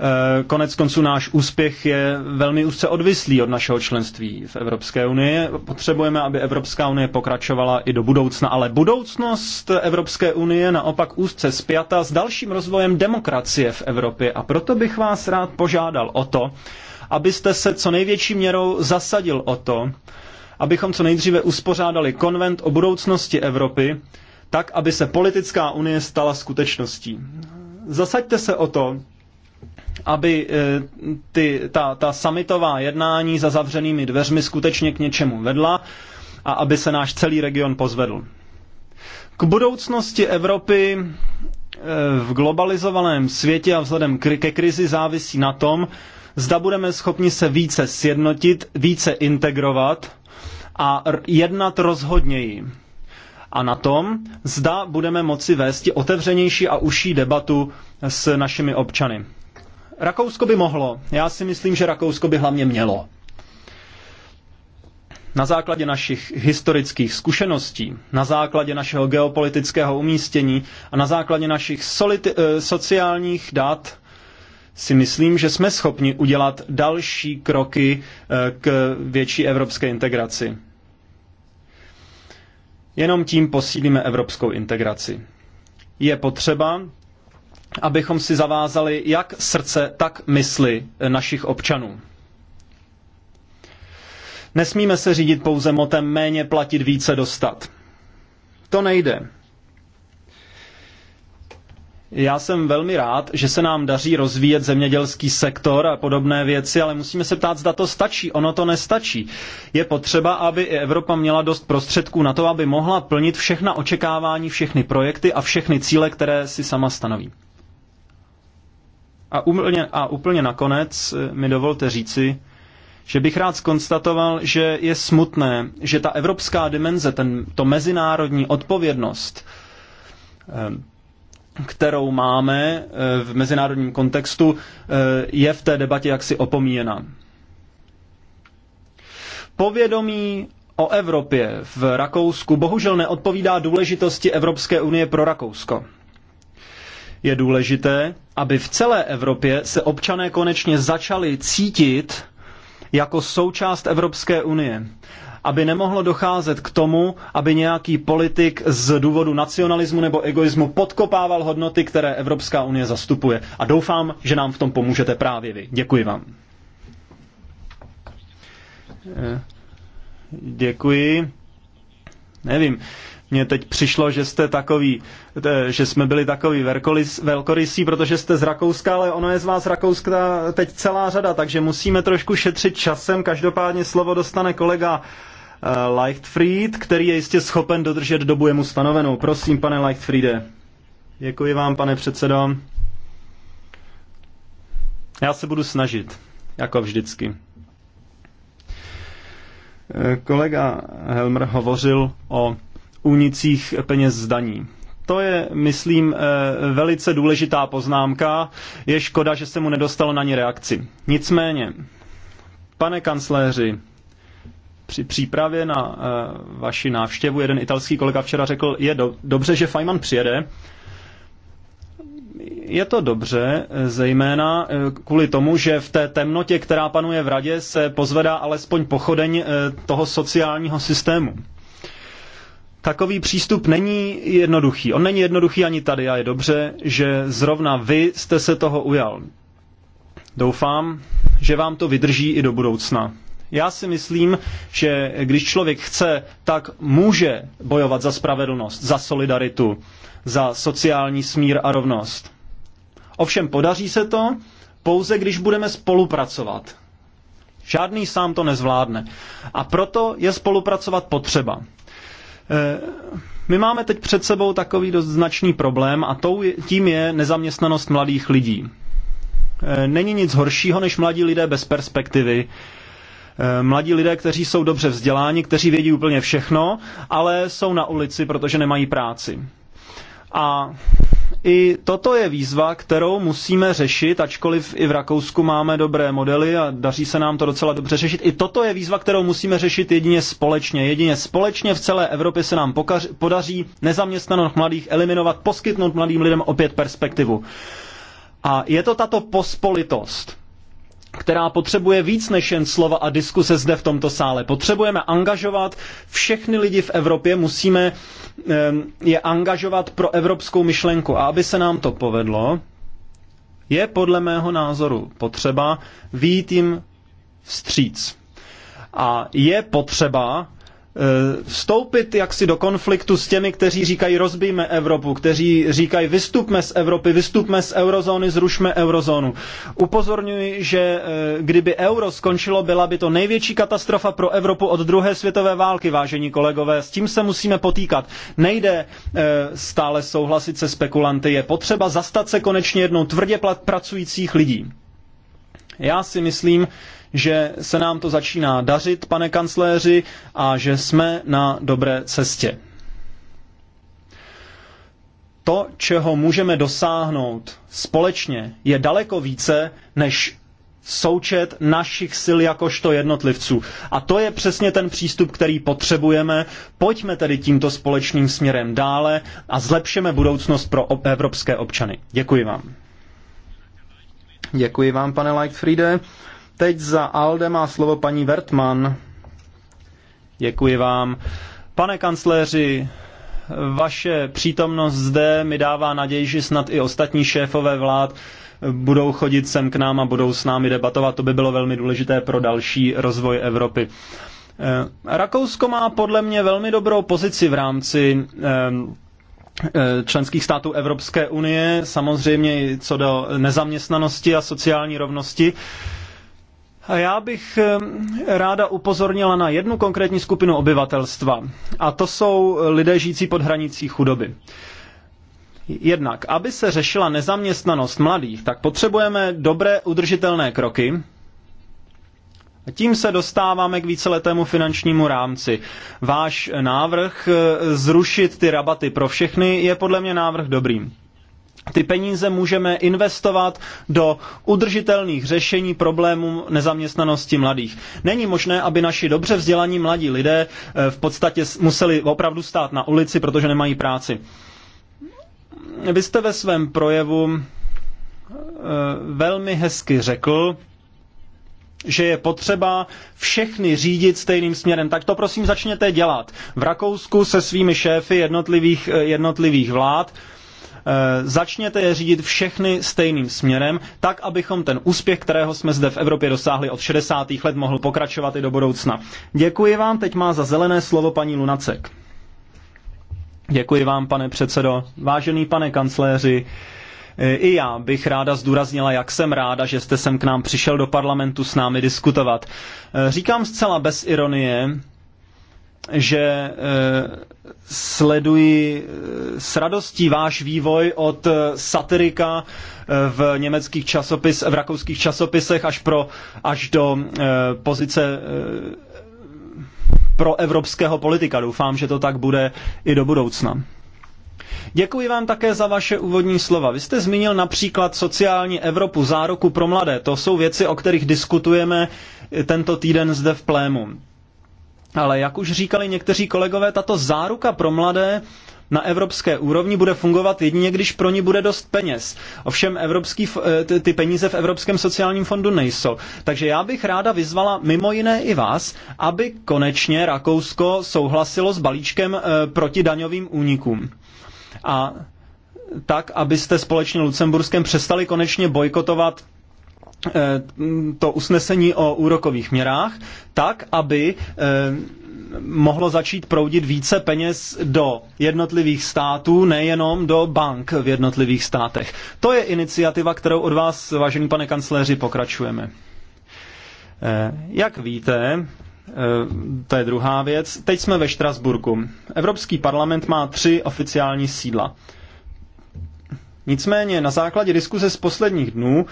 Eh, konec konců náš úspěch je velmi úzce odvislý od našeho členství v Evropské unii. Potřebujeme, aby Evropská unie pokračovala i do budoucna, ale budoucnost Evropské unie naopak úzce spjata s dalším rozvojem demokracie v Evropě. A proto bych vás rád požádal o to, abyste se co největší měrou zasadil o to, abychom co nejdříve uspořádali konvent o budoucnosti Evropy, tak, aby se politická unie stala skutečností. Zasaďte se o to, aby eh, ty, ta, ta summitová jednání za zavřenými dveřmi skutečně k něčemu vedla a aby se náš celý region pozvedl. K budoucnosti Evropy eh, v globalizovaném světě a vzhledem ke krizi závisí na tom, zda budeme schopni se více sjednotit, více integrovat a jednat rozhodněji. A na tom, zda budeme moci vést otevřenější a užší debatu s našimi občany. Rakousko by mohlo. Já si myslím, že Rakousko by hlavně mělo. Na základě našich historických zkušeností, na základě našeho geopolitického umístění a na základě našich eh, sociálních dat si myslím, že jsme schopni udělat další kroky eh, k větší evropské integraci. Jenom tím posílíme evropskou integraci. Je potřeba, abychom si zavázali jak srdce, tak mysli našich občanů. Nesmíme se řídit pouze motem méně platit, více dostat. To nejde. Já jsem velmi rád, že se nám daří rozvíjet zemědělský sektor a podobné věci, ale musíme se ptát, zda to stačí. Ono to nestačí. Je potřeba, aby i Evropa měla dost prostředků na to, aby mohla plnit všechna očekávání, všechny projekty a všechny cíle, které si sama stanoví. A úplně, a úplně nakonec eh, mi dovolte říci, že bych rád skonstatoval, že je smutné, že ta evropská dimenze, ten, to mezinárodní odpovědnost, eh, kterou máme eh, v mezinárodním kontextu, je v té debatě jaksi opomíjena. Povědomí o Evropě v Rakousku bohužel neodpovídá důležitosti Evropské unie pro Rakousko. Je důležité, aby v celé Evropě se občané konečně začali cítit jako součást Evropské unie. Aby nemohlo docházet k tomu, aby nějaký politik z důvodu nacionalismu nebo egoismu podkopával hodnoty, které Evropská unie zastupuje. A doufám, že nám v tom pomůžete právě vy. Děkuji vám. Eh, děkuji. Nevím. Mně teď přišlo, že jste takový, eh, že jsme byli takový velkorysí, protože jste z Rakouska, ale ono je z vás Rakouska teď celá řada, takže musíme trošku šetřit časem. Každopádně slovo dostane kolega eh, Leichtfried, který je jistě schopen dodržet dobu jemu stanovenou. Prosím, pane Leichtfriede. Děkuji vám, pane předsedo. Já se budu snažit, jako vždycky. Eh, kolega Helmer hovořil o únicích peněz z daní. To je, myslím, eh, velice důležitá poznámka. Je škoda, že se mu nedostalo na ní reakci. Nicméně, pane kancléři, při přípravě na eh, vaši návštěvu jeden italský kolega včera řekl, je do, dobře, že Feynman přijede, je to dobře, eh, zejména kvůli tomu, že v té temnotě, která panuje v radě, se pozvedá alespoň pochodeň toho sociálního systému. Takový přístup není jednoduchý. On není jednoduchý ani tady a je dobře, že zrovna vy jste se toho ujal. Doufám, že vám to vydrží i do budoucna. Já si myslím, že když člověk chce, tak může bojovat za spravedlnost, za solidaritu, za sociální smír a rovnost. Ovšem podaří se to pouze, když budeme spolupracovat. Žádný sám to nezvládne. A proto je spolupracovat potřeba. Eh, my máme teď před sebou takový dost značný problém a tím je nezaměstnanost mladých lidí. Eh, není nic horšího než mladí lidé bez perspektivy, eh, mladí lidé, kteří jsou dobře vzděláni, kteří vědí úplně všechno, ale jsou na ulici, protože nemají práci. A i toto je výzva, kterou musíme řešit, ačkoliv i v Rakousku máme dobré modely a daří se nám to docela dobře řešit. I toto je výzva, kterou musíme řešit jedině společně. Jedině společně v celé Evropě se nám pokař, podaří nezaměstnanost mladých eliminovat, poskytnout mladým lidem opět perspektivu. A je to tato pospolitost, která potřebuje víc než jen slova a diskuse zde v tomto sále. Potřebujeme angažovat všechny lidi v Evropě, musíme je angažovat pro evropskou myšlenku. A aby se nám to povedlo, je podle mého názoru potřeba výjít jim vstříc. A je potřeba Eh, vstoupit jaksi do konfliktu s těmi, kteří říkají rozbijme Evropu, kteří říkají vystupme z Evropy, vystupme z eurozóny, zrušme eurozónu. Upozorňuji, že eh, kdyby euro skončilo, byla by to největší katastrofa pro Evropu od druhé světové války, vážení kolegové. S tím se musíme potýkat. Nejde eh, stále souhlasit se spekulanty, je potřeba zastat se konečně jednou tvrdě pracujících lidí. Já si myslím, že se nám to začíná dařit, pane kancléři, a že jsme na dobré cestě. To, čeho můžeme dosáhnout společně, je daleko více než součet našich sil jakožto jednotlivců. A to je přesně ten přístup, který potřebujeme. Pojďme tedy tímto společným směrem dále a zlepšeme budoucnost pro evropské občany. Děkuji vám. Děkuji vám, pane Lightfriede teď za Alde má slovo paní Vertman. Děkuji vám. Pane kancléři, vaše přítomnost zde mi dává naději, že snad i ostatní šéfové vlád budou chodit sem k nám a budou s námi debatovat. To by bylo velmi důležité pro další rozvoj Evropy. Eh, Rakousko má podle mě velmi dobrou pozici v rámci eh, eh, členských států Evropské unie, samozřejmě co do nezaměstnanosti a sociální rovnosti. Já bych ráda upozornila na jednu konkrétní skupinu obyvatelstva, a to jsou lidé žijící pod hranicí chudoby. Jednak, aby se řešila nezaměstnanost mladých, tak potřebujeme dobré udržitelné kroky, tím se dostáváme k víceletému finančnímu rámci. Váš návrh eh, zrušit ty rabaty pro všechny je podle mě návrh dobrým. Ty peníze můžeme investovat do udržitelných řešení problémů nezaměstnanosti mladých. Není možné, aby naši dobře vzdělaní mladí lidé eh, v podstatě museli opravdu stát na ulici, protože nemají práci. Vy jste ve svém projevu eh, velmi hezky řekl, že je potřeba všechny řídit stejným směrem. Tak to prosím začněte dělat. V Rakousku se svými šéfy jednotlivých, eh, jednotlivých vlád Eh, začněte je řídit všechny stejným směrem, tak, abychom ten úspěch, kterého jsme zde v Evropě dosáhli od 60. let, mohl pokračovat i do budoucna. Děkuji vám, teď má za zelené slovo paní Lunacek. Děkuji vám, pane předsedo. Vážený pane kancléři, eh, i já bych ráda zdůraznila, jak jsem ráda, že jste sem k nám přišel do parlamentu s námi diskutovat. Eh, říkám zcela bez ironie, že e, sleduji e, s radostí váš vývoj od e, satirika v německých časopis, v rakouských časopisech až, pro, až do pozice pro evropského politika. Doufám, že to tak bude i do budoucna. Děkuji vám také za vaše úvodní slova. Vy jste zmínil například sociální Evropu, záruku pro mladé. To jsou věci, o kterých diskutujeme tento týden zde v plému. Ale jak už říkali někteří kolegové, tato záruka pro mladé na evropské úrovni bude fungovat jedině, když pro ní bude dost peněz. Ovšem evropský, eh, ty peníze v Evropském sociálním fondu nejsou. Takže já bych ráda vyzvala mimo jiné i vás, aby konečně Rakousko souhlasilo s balíčkem eh, proti daňovým únikům. A tak, abyste společně Lucemburskem přestali konečně bojkotovat Eh, to usnesení o úrokových měrách tak, aby eh, mohlo začít proudit více peněz do jednotlivých států, nejenom do bank v jednotlivých státech. To je iniciativa, kterou od vás, vážený pane kancléři, pokračujeme. Eh, jak víte, to je druhá věc. Teď jsme ve Štrasburku. Evropský parlament má tři oficiální sídla. Nicméně na základě diskuze z posledních dnů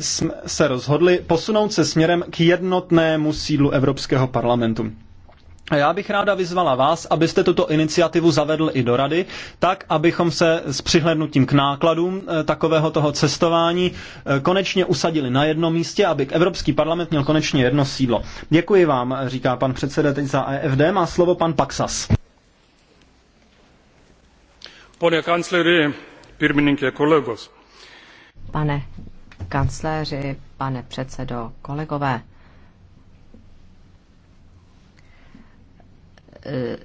jsme eh, se rozhodli posunout se směrem k jednotnému sídlu Evropského parlamentu. A já bych ráda vyzvala vás, abyste tuto iniciativu zavedl i do rady, tak abychom se s přihlednutím k nákladům eh, takového toho cestování eh, konečně usadili na jedno místě, aby Evropský parlament měl konečně jedno sídlo. Děkuji vám, říká pan předseda teď za EFD, má slovo pan Paxas. Pane kancleri, pirmininkė, kolegos. Pane kancléři, pane předsedo, kolegové. Eh,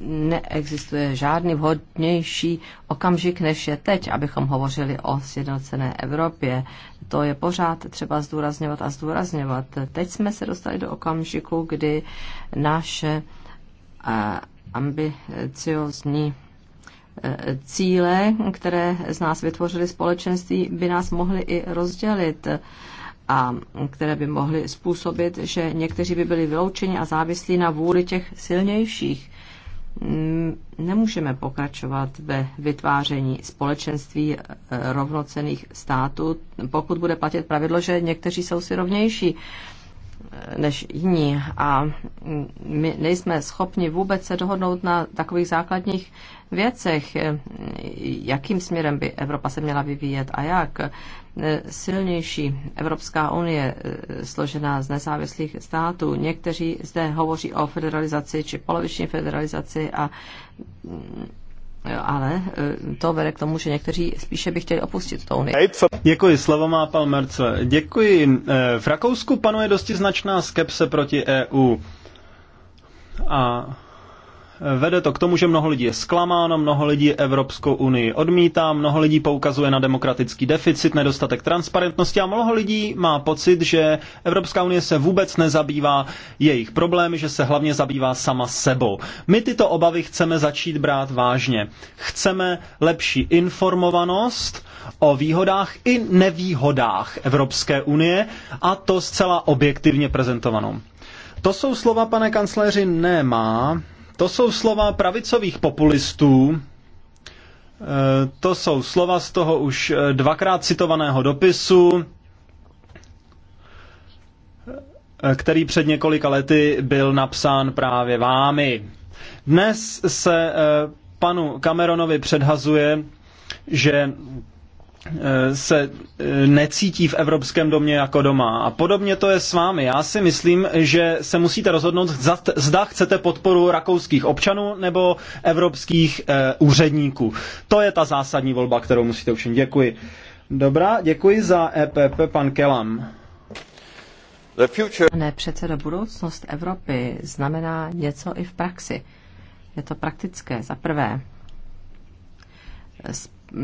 neexistuje žádný vhodnější okamžik, než je teď, abychom hovořili o sjednocené Evropě. To je pořád třeba zdůrazňovat a zdůrazňovat. Teď jsme se dostali do okamžiku, kdy naše eh, ambiciozní cíle, které z nás vytvořily společenství, by nás mohly i rozdělit a které by mohly způsobit, že někteří by byli vyloučeni a závislí na vůli těch silnějších. Nemůžeme pokračovat ve vytváření společenství eh, rovnocených států, pokud bude platit pravidlo, že někteří jsou si rovnější než jiní a my nejsme schopni vůbec se dohodnout na takových základních věcech, jakým směrem by Evropa se měla vyvíjet a jak. Silnější Evropská unie, složená z nezávislých států. Někteří zde hovoří o federalizaci či poloviční federalizaci a ale eh, to vede k tomu, že někteří spíše by chtěli opustit to unii. Děkuji, slovo má pan Merce. Děkuji. Eh, v Rakousku panuje dosti značná skepse proti EU. A Vede to k tomu, že mnoho lidí je zklamáno, mnoho lidí Evropskou unii odmítá, mnoho lidí poukazuje na demokratický deficit, nedostatek transparentnosti a mnoho lidí má pocit, že Evropská unie se vůbec nezabývá jejich problémy, že se hlavně zabývá sama sebou. My tyto obavy chceme začít brát vážně. Chceme lepší informovanost o výhodách i nevýhodách Evropské unie a to zcela objektivně prezentovanou. To jsou slova, pane kancléři, nemá. To jsou slova pravicových populistů, eh, to jsou slova z toho už eh, dvakrát citovaného dopisu, eh, který před několika lety byl napsán právě vámi. Dnes se panu Cameronovi předhazuje, že Eh, se eh, necítí v evropském domě jako doma. A podobně to je s vámi. Já si myslím, že se musíte rozhodnout, zda chcete podporu rakouských občanů nebo evropských eh, úředníků. To je ta zásadní volba, kterou musíte učinit. Děkuji. Dobrá, děkuji za EPP, pan Kelam. Future... Ne, do budoucnost Evropy znamená něco i v praxi. Je to praktické. Za prvé,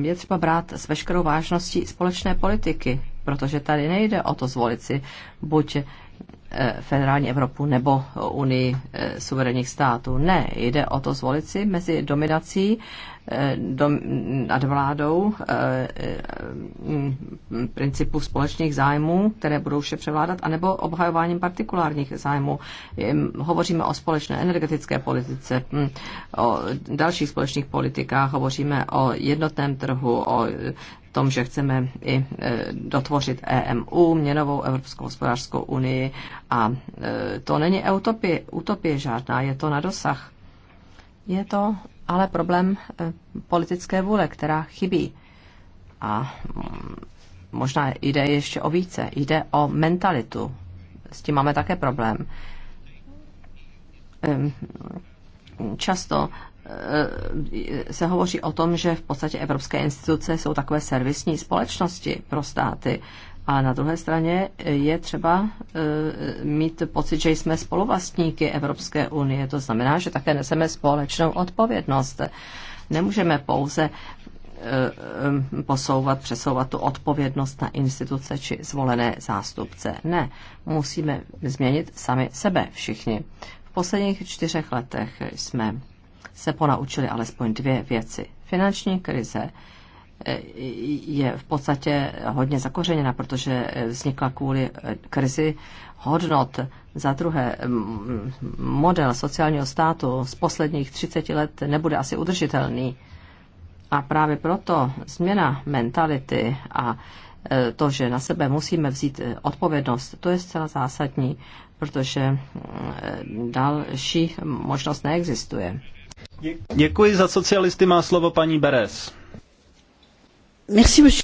je třeba brát s veškerou vážností společné politiky, protože tady nejde o to zvolit si buď Eh, federální Evropu nebo Unii eh, suverénních států. Ne, jde o to zvolit si mezi dominací eh, dom, nad vládou mm, principu společných zájmů, které budou vše převládat, anebo obhajováním partikulárních zájmů. Hovoříme o společné energetické politice, hm, o dalších společných politikách, hovoříme o jednotném trhu, o tom, že chceme i e, dotvořit EMU, měnovou Evropskou hospodářskou unii a e, to není utopie, utopie žádná, je to na dosah. Je to ale problém e, politické vůle, která chybí. A mm, možná jde ještě o více, jde o mentalitu. S tím máme také problém. Často Eh, se hovoří o tom, že v podstatě evropské instituce jsou takové servisní společnosti pro státy. A na druhé straně je třeba eh, mít pocit, že jsme spoluvlastníky Evropské unie. To znamená, že také neseme společnou odpovědnost. Nemůžeme pouze eh, posouvat, přesouvat tu odpovědnost na instituce či zvolené zástupce. Ne, musíme změnit sami sebe všichni. V posledních čtyřech letech jsme se ponaučili alespoň dvě věci. Finanční krize eh, je v podstatě hodně zakořeněna, protože eh, vznikla kvůli eh, krizi hodnot. Za druhé, model sociálního státu z posledních 30 let nebude asi udržitelný. A právě proto změna mentality a to, že na sebe musíme vzít odpovědnost, to je zcela zásadní, protože mm, další možnost neexistuje. Děkuji za socialisty, má slovo paní Beres.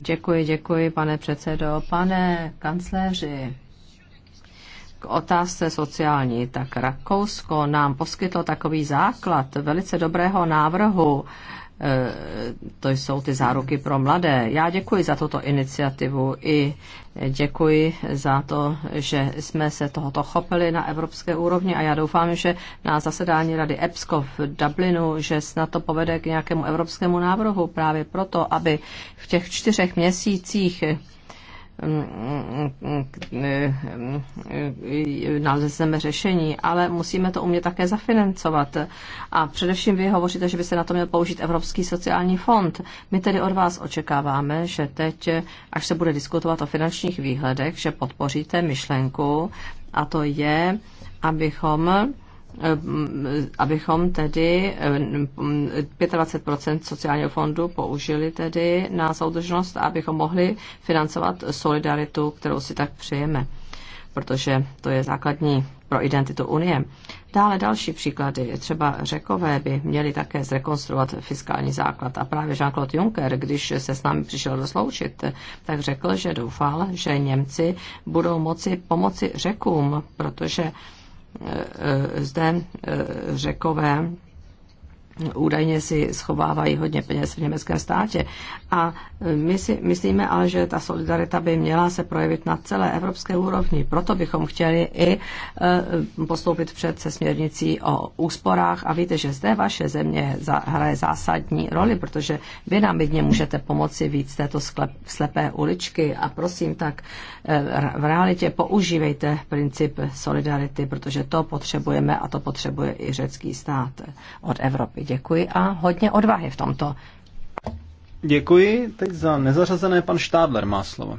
Děkuji, děkuji, pane předsedo. Pane kancléři, k otázce sociální, tak Rakousko nám poskytlo takový základ velice dobrého návrhu, Eh, to jsou ty záruky pro mladé. Já děkuji za tuto iniciativu i děkuji za to, že jsme se tohoto chopili na evropské úrovni a já doufám, že na zasedání Rady EPSCO v Dublinu, že snad to povede k nějakému evropskému návrhu právě proto, aby v těch čtyřech měsících nalezeme řešení, ale musíme to umět také zafinancovat. A především vy hovoříte, že by se na to měl použít Evropský sociální fond. My tedy od vás očekáváme, že teď, až se bude diskutovat o finančních výhledech, že podpoříte myšlenku, a to je, abychom Eh, abychom tedy 25 eh, sociálního fondu použili tedy na soudržnost abychom mohli financovat solidaritu, kterou si tak přejeme, protože to je základní pro identitu Unie. Dále další příklady. Třeba řekové by měli také zrekonstruovat fiskální základ. A právě Jean-Claude Juncker, když se s námi přišel rozloučit, tak řekl, že doufal, že Němci budou moci pomoci řekům, protože zde eh, eh, řekové údajně si schovávají hodně peněz v německém státě. A e, my si myslíme ale, že ta solidarita by měla se projevit na celé evropské úrovni. Proto bychom chtěli i e, postoupit před se směrnicí o úsporách. A víte, že zde vaše země hraje zásadní roli, protože vy nám jedně můžete pomoci víc této sklep, slepé uličky. A prosím, tak e, v realitě používejte princip solidarity, protože to potřebujeme a to potřebuje i řecký stát od Evropy. Děkuji a hodně odvahy v tomto. Děkuji. Teď za nezařazené pan Štádler má slovo.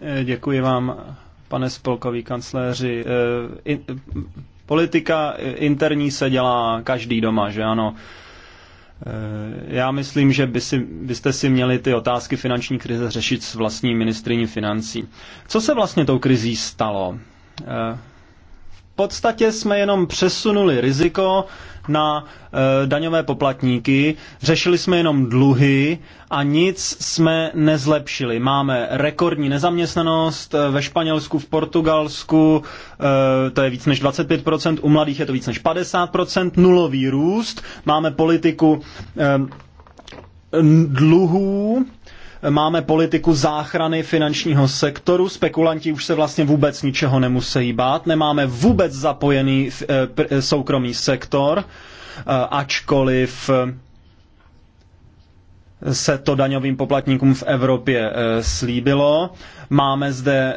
Eh, děkuji vám, pane spolkový kancléři. Eh, politika interní se dělá každý doma, že ano? Eh, já myslím, že by si, byste si měli ty otázky finanční krize řešit s vlastní ministriní financí. Co se vlastně tou krizí stalo? podstatě jsme jenom přesunuli riziko na e, daňové poplatníky, řešili jsme jenom dluhy a nic jsme nezlepšili. Máme rekordní nezaměstnanost e, ve Španělsku, v Portugalsku, e, to je víc než 25%, u mladých je to víc než 50%, nulový růst, máme politiku e, dluhů, máme politiku záchrany finančního sektoru, spekulanti už se vlastně vůbec ničeho nemusí bát, nemáme vůbec zapojený eh, eh, soukromý sektor, eh, ačkoliv se to daňovým poplatníkům v Evropě slíbilo. Máme zde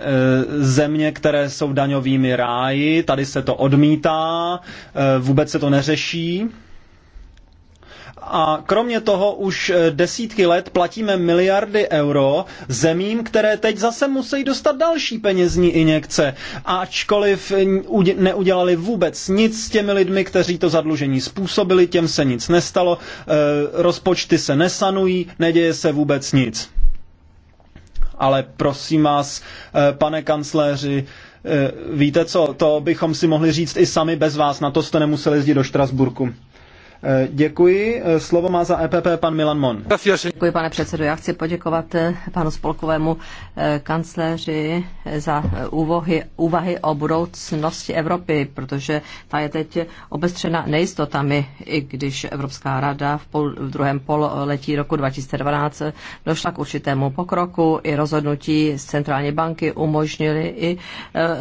země, které jsou daňovými ráji, tady se to odmítá, vůbec se to neřeší. A kromě toho už eh, desítky let platíme miliardy euro zemím, které teď zase musí dostat další penězní injekce, ačkoliv neudělali vůbec nic s těmi lidmi, kteří to zadlužení způsobili, těm se nic nestalo, eh, rozpočty se nesanují, neděje se vůbec nic. Ale prosím vás, eh, pane kancléři, víte co, to bychom si mohli říct i sami bez vás, na to jste nemuseli jezdit do Štrasburku. Eh, děkuji. Eh, slovo má za EPP pan Milan Mon. Děkuji, pane předsedo. Já chci poděkovat eh, panu spolkovému kancléři za úvohy, úvahy o budoucnosti Evropy, protože ta je teď obestřena nejistotami, i když Evropská rada v, pol, v druhém pololetí roku 2012 došla k určitému pokroku. I rozhodnutí z centrální banky umožnili i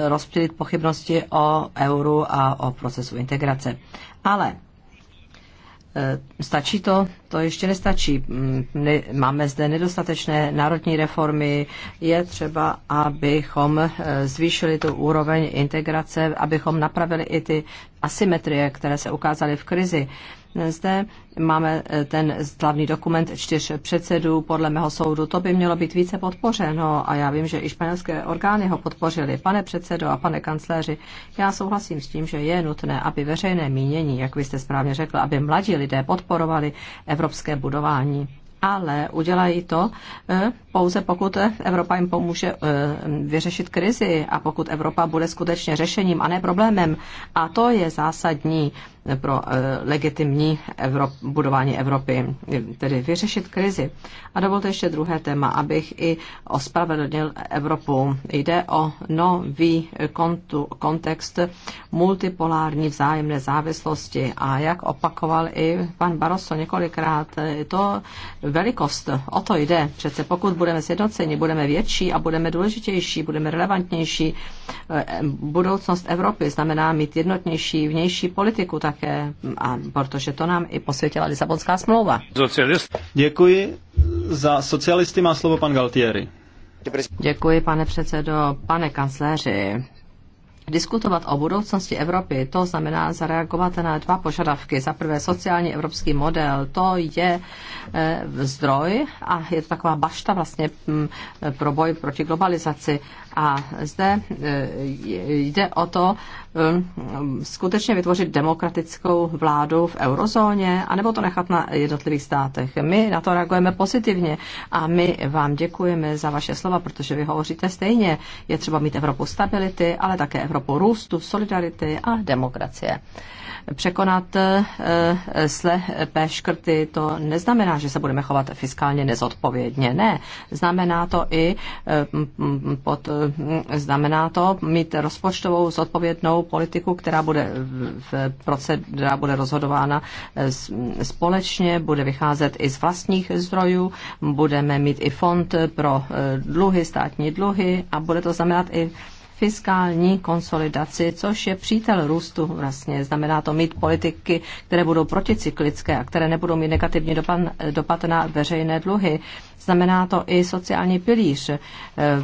rozptýlit pochybnosti o euru a o procesu integrace. Ale Eh, stačí to? To ještě nestačí. Mm, máme zde nedostatečné národní reformy. Je třeba, abychom eh, zvýšili tu úroveň integrace, abychom napravili i ty asymetrie, které se ukázaly v krizi. Zde máme eh, ten slavný dokument čtyř předsedů, podle mého soudu to by mělo být více podpořeno a já vím, že i španělské orgány ho podpořili Pane předsedo a pane kancléři, já souhlasím s tím, že je nutné, aby veřejné mínění, jak vy jste správně řekl, aby mladí lidé podporovali evropské budování ale udělají to eh, pouze pokud Evropa jim pomůže eh, vyřešit krizi a pokud Evropa bude skutečně řešením a ne problémem. A to je zásadní pro eh, legitimní Evrop, budování Evropy, tedy vyřešit krizi. A dovolte ještě druhé téma, abych i ospravedlnil Evropu. Jde o nový kontu, kontext multipolární vzájemné závislosti a jak opakoval i pan Barroso několikrát, to velikost, o to jde. Přece pokud budeme sjednoceni, budeme větší a budeme důležitější, budeme relevantnější, eh, budoucnost Evropy znamená mít jednotnější vnější politiku, tak také, a protože to nám i posvětila Lisabonská smlouva. Socialist. Děkuji. Za socialisty má slovo pan Galtieri. Děkuji, pane předsedo. Pane kancléři, Diskutovat o budoucnosti Evropy, to znamená zareagovat na dva požadavky. Za prvé sociální evropský model, to je eh, zdroj a je to taková bašta vlastně mm, pro boj proti globalizaci. A zde e, jde o to e, skutečně vytvořit demokratickou vládu v eurozóně, anebo to nechat na jednotlivých státech. My na to reagujeme pozitivně a my vám děkujeme za vaše slova, protože vy hovoříte stejně. Je třeba mít Evropu stability, ale také Evropu růstu, solidarity a demokracie. Překonat e, slepé škrty, to neznamená, že se budeme chovat fiskálně nezodpovědně. Ne, znamená to i pod znamená to mít rozpočtovou zodpovědnou politiku, která bude, v proces, která bude rozhodována eh, společně, bude vycházet i z vlastních zdrojů, budeme mít i fond pro eh, dluhy, státní dluhy a bude to znamenat i fiskální konsolidaci, což je přítel růstu. Vlastně znamená to mít politiky, které budou proticyklické a které nebudou mít negativní dopad, dopad na veřejné dluhy. Znamená to i sociální pilíř. Eh,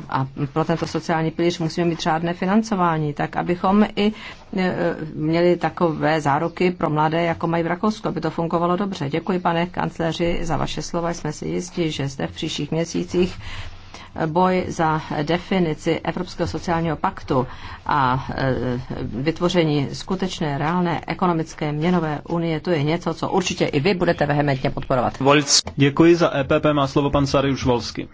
a pro tento sociální pilíř musíme mít řádné financování, tak abychom i eh, měli takové záruky pro mladé, jako mají v Rakousku, aby to fungovalo dobře. Děkuji, pane kancléři, za vaše slova. Jsme si jistí, že zde v příštích měsících boj za definici Evropského sociálního paktu a e, vytvoření skutečné, reálné ekonomické měnové unie, to je něco, co určitě i vy budete vehementně podporovat. Děkuji za EPP, má slovo pan Sariuš Volsky.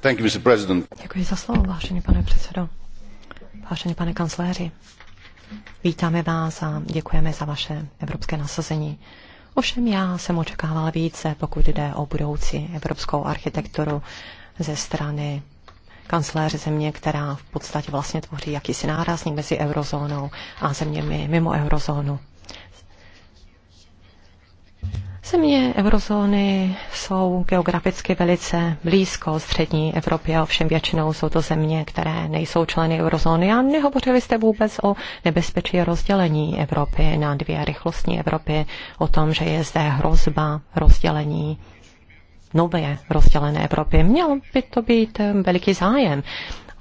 Thank you, Mr. President. Děkuji za slovo, vážený pane předsedo. Vážený pane kancléři, vítáme vás a děkujeme za vaše evropské nasazení Ovšem já jsem očekávala více, pokud jde o budoucí evropskou architekturu ze strany kancléře země, která v podstatě vlastně tvoří jakýsi nárazník mezi eurozónou a zeměmi mimo eurozónu. Země eurozóny jsou geograficky velice blízko střední Evropě, ovšem většinou jsou to země, které nejsou členy eurozóny a nehovořili jste vůbec o nebezpečí rozdělení Evropy na dvě rychlostní Evropy, o tom, že je zde hrozba rozdělení nové rozdělené Evropy. Měl by to být eh, veliký zájem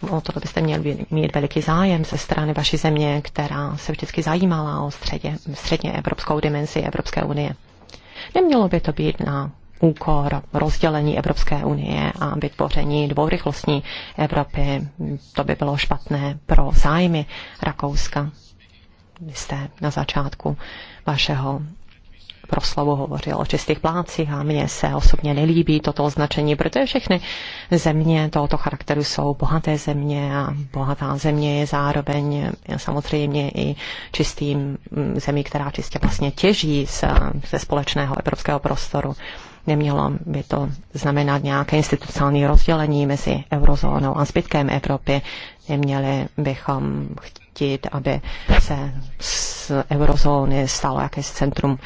o to byste měl mít veliký zájem ze strany vaší země, která se vždycky zajímala o středě, středně evropskou dimenzi Evropské unie. Nemělo by to být na úkor rozdělení Evropské unie a vytvoření dvourychlostní Evropy. To by bylo špatné pro zájmy Rakouska. Vy jste na začátku vašeho proslavu hovořil o čistých plácích a mně se osobně nelíbí toto označení, protože všechny země tohoto charakteru jsou bohaté země a bohatá země je zároveň samozřejmě i čistým mm, zemí, která čistě vlastně těží z, ze společného evropského prostoru nemělo by to znamenat nějaké institucionální rozdělení mezi eurozónou a zbytkem Evropy. Neměli bychom chtít, aby se z eurozóny stalo jakési centrum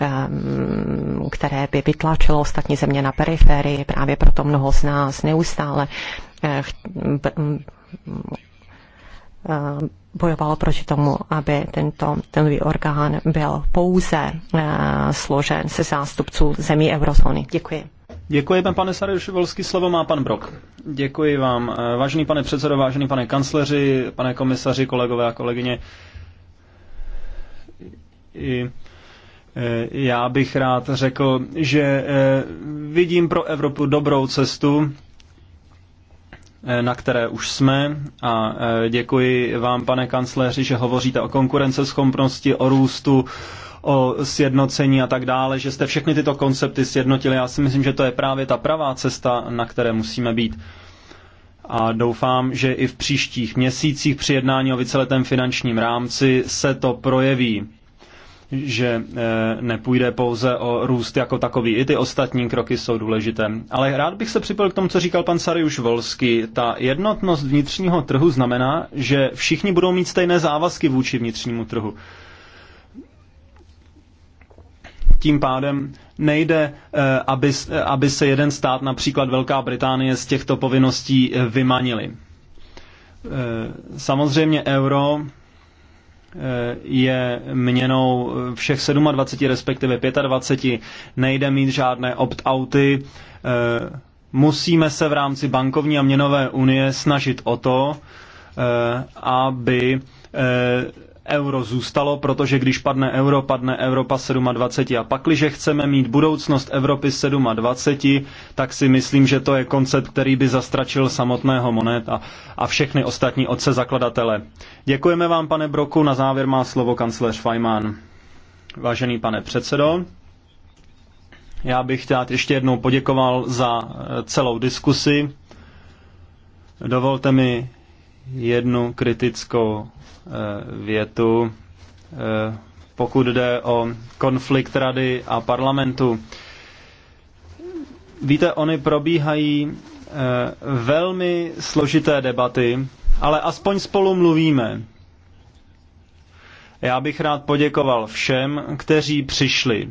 Ehm, které by vytlačilo ostatní země na periferii. Právě proto mnoho z nás neustále eh, eh, bojovalo proti tomu, aby tento ten orgán byl pouze eh, složen se zástupců zemí eurozóny. Děkuji. Děkuji, pan pane volský Slovo má pan Brok. Děkuji vám. Vážený pane předsedo, vážený pane kancleři, pane komisaři, kolegové a kolegyně. I Eh, já bych rád řekl, že eh, vidím pro Evropu dobrou cestu, eh, na které už jsme a děkuji vám, pane kancléři, že hovoříte o konkurenceschopnosti, o růstu, o sjednocení a tak dále, že jste všechny tyto koncepty sjednotili. Já si myslím, že to je právě ta pravá cesta, na které musíme být. A doufám, že i v příštích měsících při jednání o víceletém finančním rámci se to projeví že eh, nepůjde pouze o růst jako takový. I ty ostatní kroky jsou důležité. Ale rád bych se připojil k tomu, co říkal pan Sariuš Volsky. Ta jednotnost vnitřního trhu znamená, že všichni budou mít stejné závazky vůči vnitřnímu trhu tím pádem nejde, eh, aby, eh, aby se jeden stát, například Velká Británie, z těchto povinností vymanili. Samozřejmě euro Eh, je měnou eh, všech 27, respektive 25. Nejde mít žádné opt-outy. Eh, musíme se v rámci bankovní a měnové unie snažit o to, aby euro zůstalo, protože když padne euro, padne Evropa 27. A pakliže chceme mít budoucnost Evropy 27, tak si myslím, že to je koncept, který by zastračil samotného moneta a všechny ostatní otce zakladatele. Děkujeme vám, pane Broku. Na závěr má slovo kancléř Feynman. Vážený pane předsedo, já bych chtěl ještě jednou poděkoval za eh, celou diskusi. Dovolte mi jednu kritickou eh, větu, eh, pokud jde o konflikt rady a parlamentu. Víte, oni probíhají eh, velmi složité debaty, ale aspoň spolu mluvíme. Já bych rád poděkoval všem, kteří přišli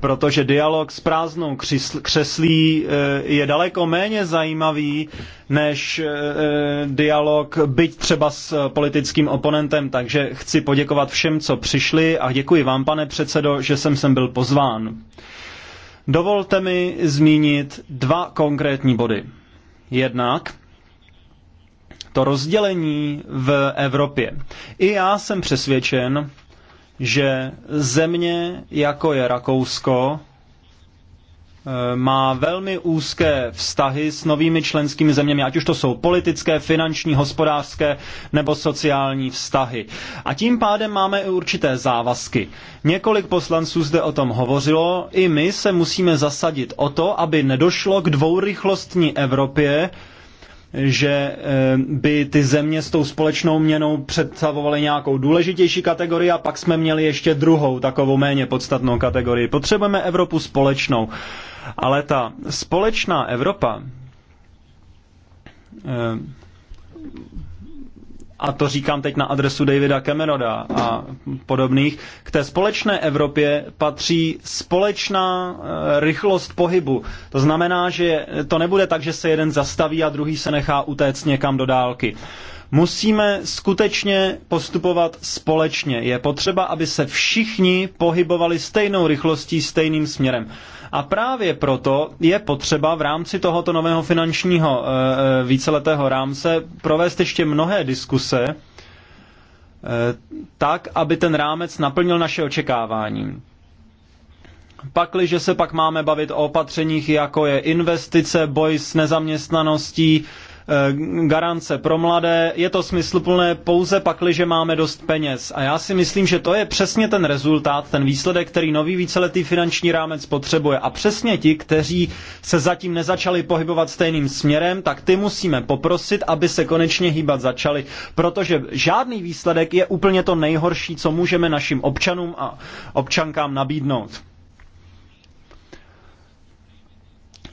protože dialog s prázdnou křeslí eh, je daleko méně zajímavý než eh, eh, dialog byť třeba s politickým oponentem, takže chci poděkovat všem, co přišli a děkuji vám, pane předsedo, že jsem sem byl pozván. Dovolte mi zmínit dva konkrétní body. Jednak to rozdělení v Evropě. I já jsem přesvědčen, že země, jako je Rakousko, eh, má velmi úzké vztahy s novými členskými zeměmi, ať už to jsou politické, finanční, hospodářské nebo sociální vztahy. A tím pádem máme i určité závazky. Několik poslanců zde o tom hovořilo, i my se musíme zasadit o to, aby nedošlo k dvourychlostní Evropě, že eh, by ty země s tou společnou měnou představovaly nějakou důležitější kategorii a pak jsme měli ještě druhou, takovou méně podstatnou kategorii. Potřebujeme Evropu společnou. Ale ta společná Evropa eh, a to říkám teď na adresu Davida Camerona a podobných, k té společné Evropě patří společná eh, rychlost pohybu. To znamená, že to nebude tak, že se jeden zastaví a druhý se nechá utéct někam do dálky. Musíme skutečně postupovat společně. Je potřeba, aby se všichni pohybovali stejnou rychlostí, stejným směrem. A právě proto je potřeba v rámci tohoto nového finančního eh, eh, víceletého rámce provést ještě mnohé diskuse, eh, tak, aby ten rámec naplnil naše očekávání. Pakliže se pak máme bavit o opatřeních, jako je investice, boj s nezaměstnaností, Eh, garance pro mladé. Je to smysluplné pouze pakliže máme dost peněz. A já si myslím, že to je přesně ten rezultát, ten výsledek, který nový víceletý finanční rámec potřebuje. A přesně ti, kteří se zatím nezačali pohybovat stejným směrem, tak ty musíme poprosit, aby se konečně hýbat začali. Protože žádný výsledek je úplně to nejhorší, co můžeme našim občanům a občankám nabídnout.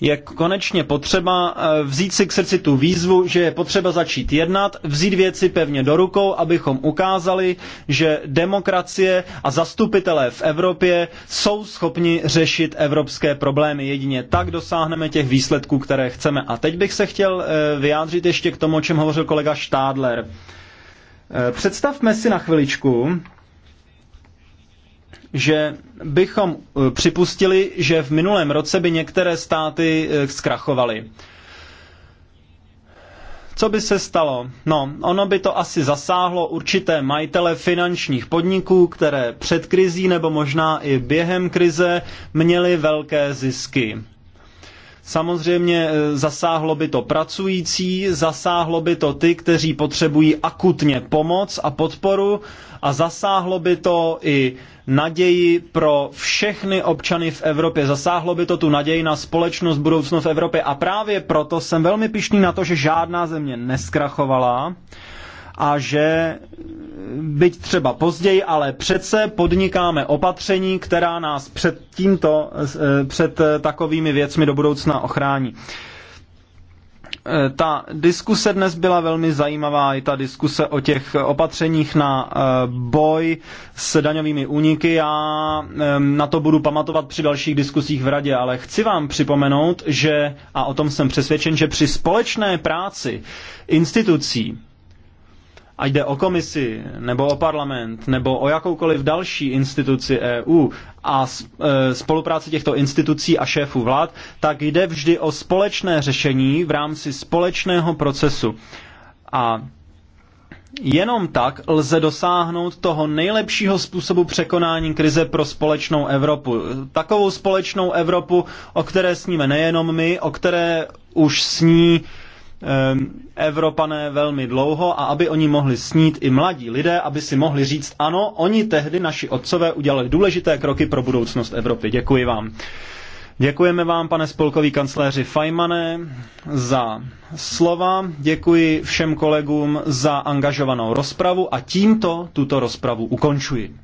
je konečně potřeba eh, vzít si k srdci tu výzvu, že je potřeba začít jednat, vzít věci pevně do rukou, abychom ukázali, že demokracie a zastupitelé v Evropě jsou schopni řešit evropské problémy. Jedině tak dosáhneme těch výsledků, které chceme. A teď bych se chtěl eh, vyjádřit ještě k tomu, o čem hovořil kolega Štádler. Eh, představme si na chviličku, že bychom eh, připustili, že v minulém roce by některé státy eh, zkrachovaly. Co by se stalo? No, ono by to asi zasáhlo určité majitele finančních podniků, které před krizí nebo možná i během krize měly velké zisky. Samozřejmě eh, zasáhlo by to pracující, zasáhlo by to ty, kteří potřebují akutně pomoc a podporu a zasáhlo by to i naději pro všechny občany v Evropě. Zasáhlo by to tu naději na společnost, budoucnost v Evropě a právě proto jsem velmi pišný na to, že žádná země neskrachovala a že byť třeba později, ale přece podnikáme opatření, která nás před tímto, eh, před takovými věcmi do budoucna ochrání. Eh, ta diskuse dnes byla velmi zajímavá, i ta diskuse o těch opatřeních na eh, boj s daňovými úniky. Já na to budu pamatovat při dalších diskusích v radě, ale chci vám připomenout, že, a o tom jsem přesvědčen, že při společné práci institucí a jde o komisi, nebo o parlament, nebo o jakoukoliv další instituci EU a e, spolupráci těchto institucí a šéfů vlád, tak jde vždy o společné řešení v rámci společného procesu. A Jenom tak lze dosáhnout toho nejlepšího způsobu překonání krize pro společnou Evropu. Takovou společnou Evropu, o které sníme nejenom my, o které už sní uh, Ehm, Evropané velmi dlouho a aby oni mohli snít i mladí lidé, aby si mohli říct ano, oni tehdy, naši otcové, udělali důležité kroky pro budoucnost Evropy. Děkuji vám. Děkujeme vám, pane spolkový kancléři Fajmane, za slova. Děkuji všem kolegům za angažovanou rozpravu a tímto tuto rozpravu ukončuji.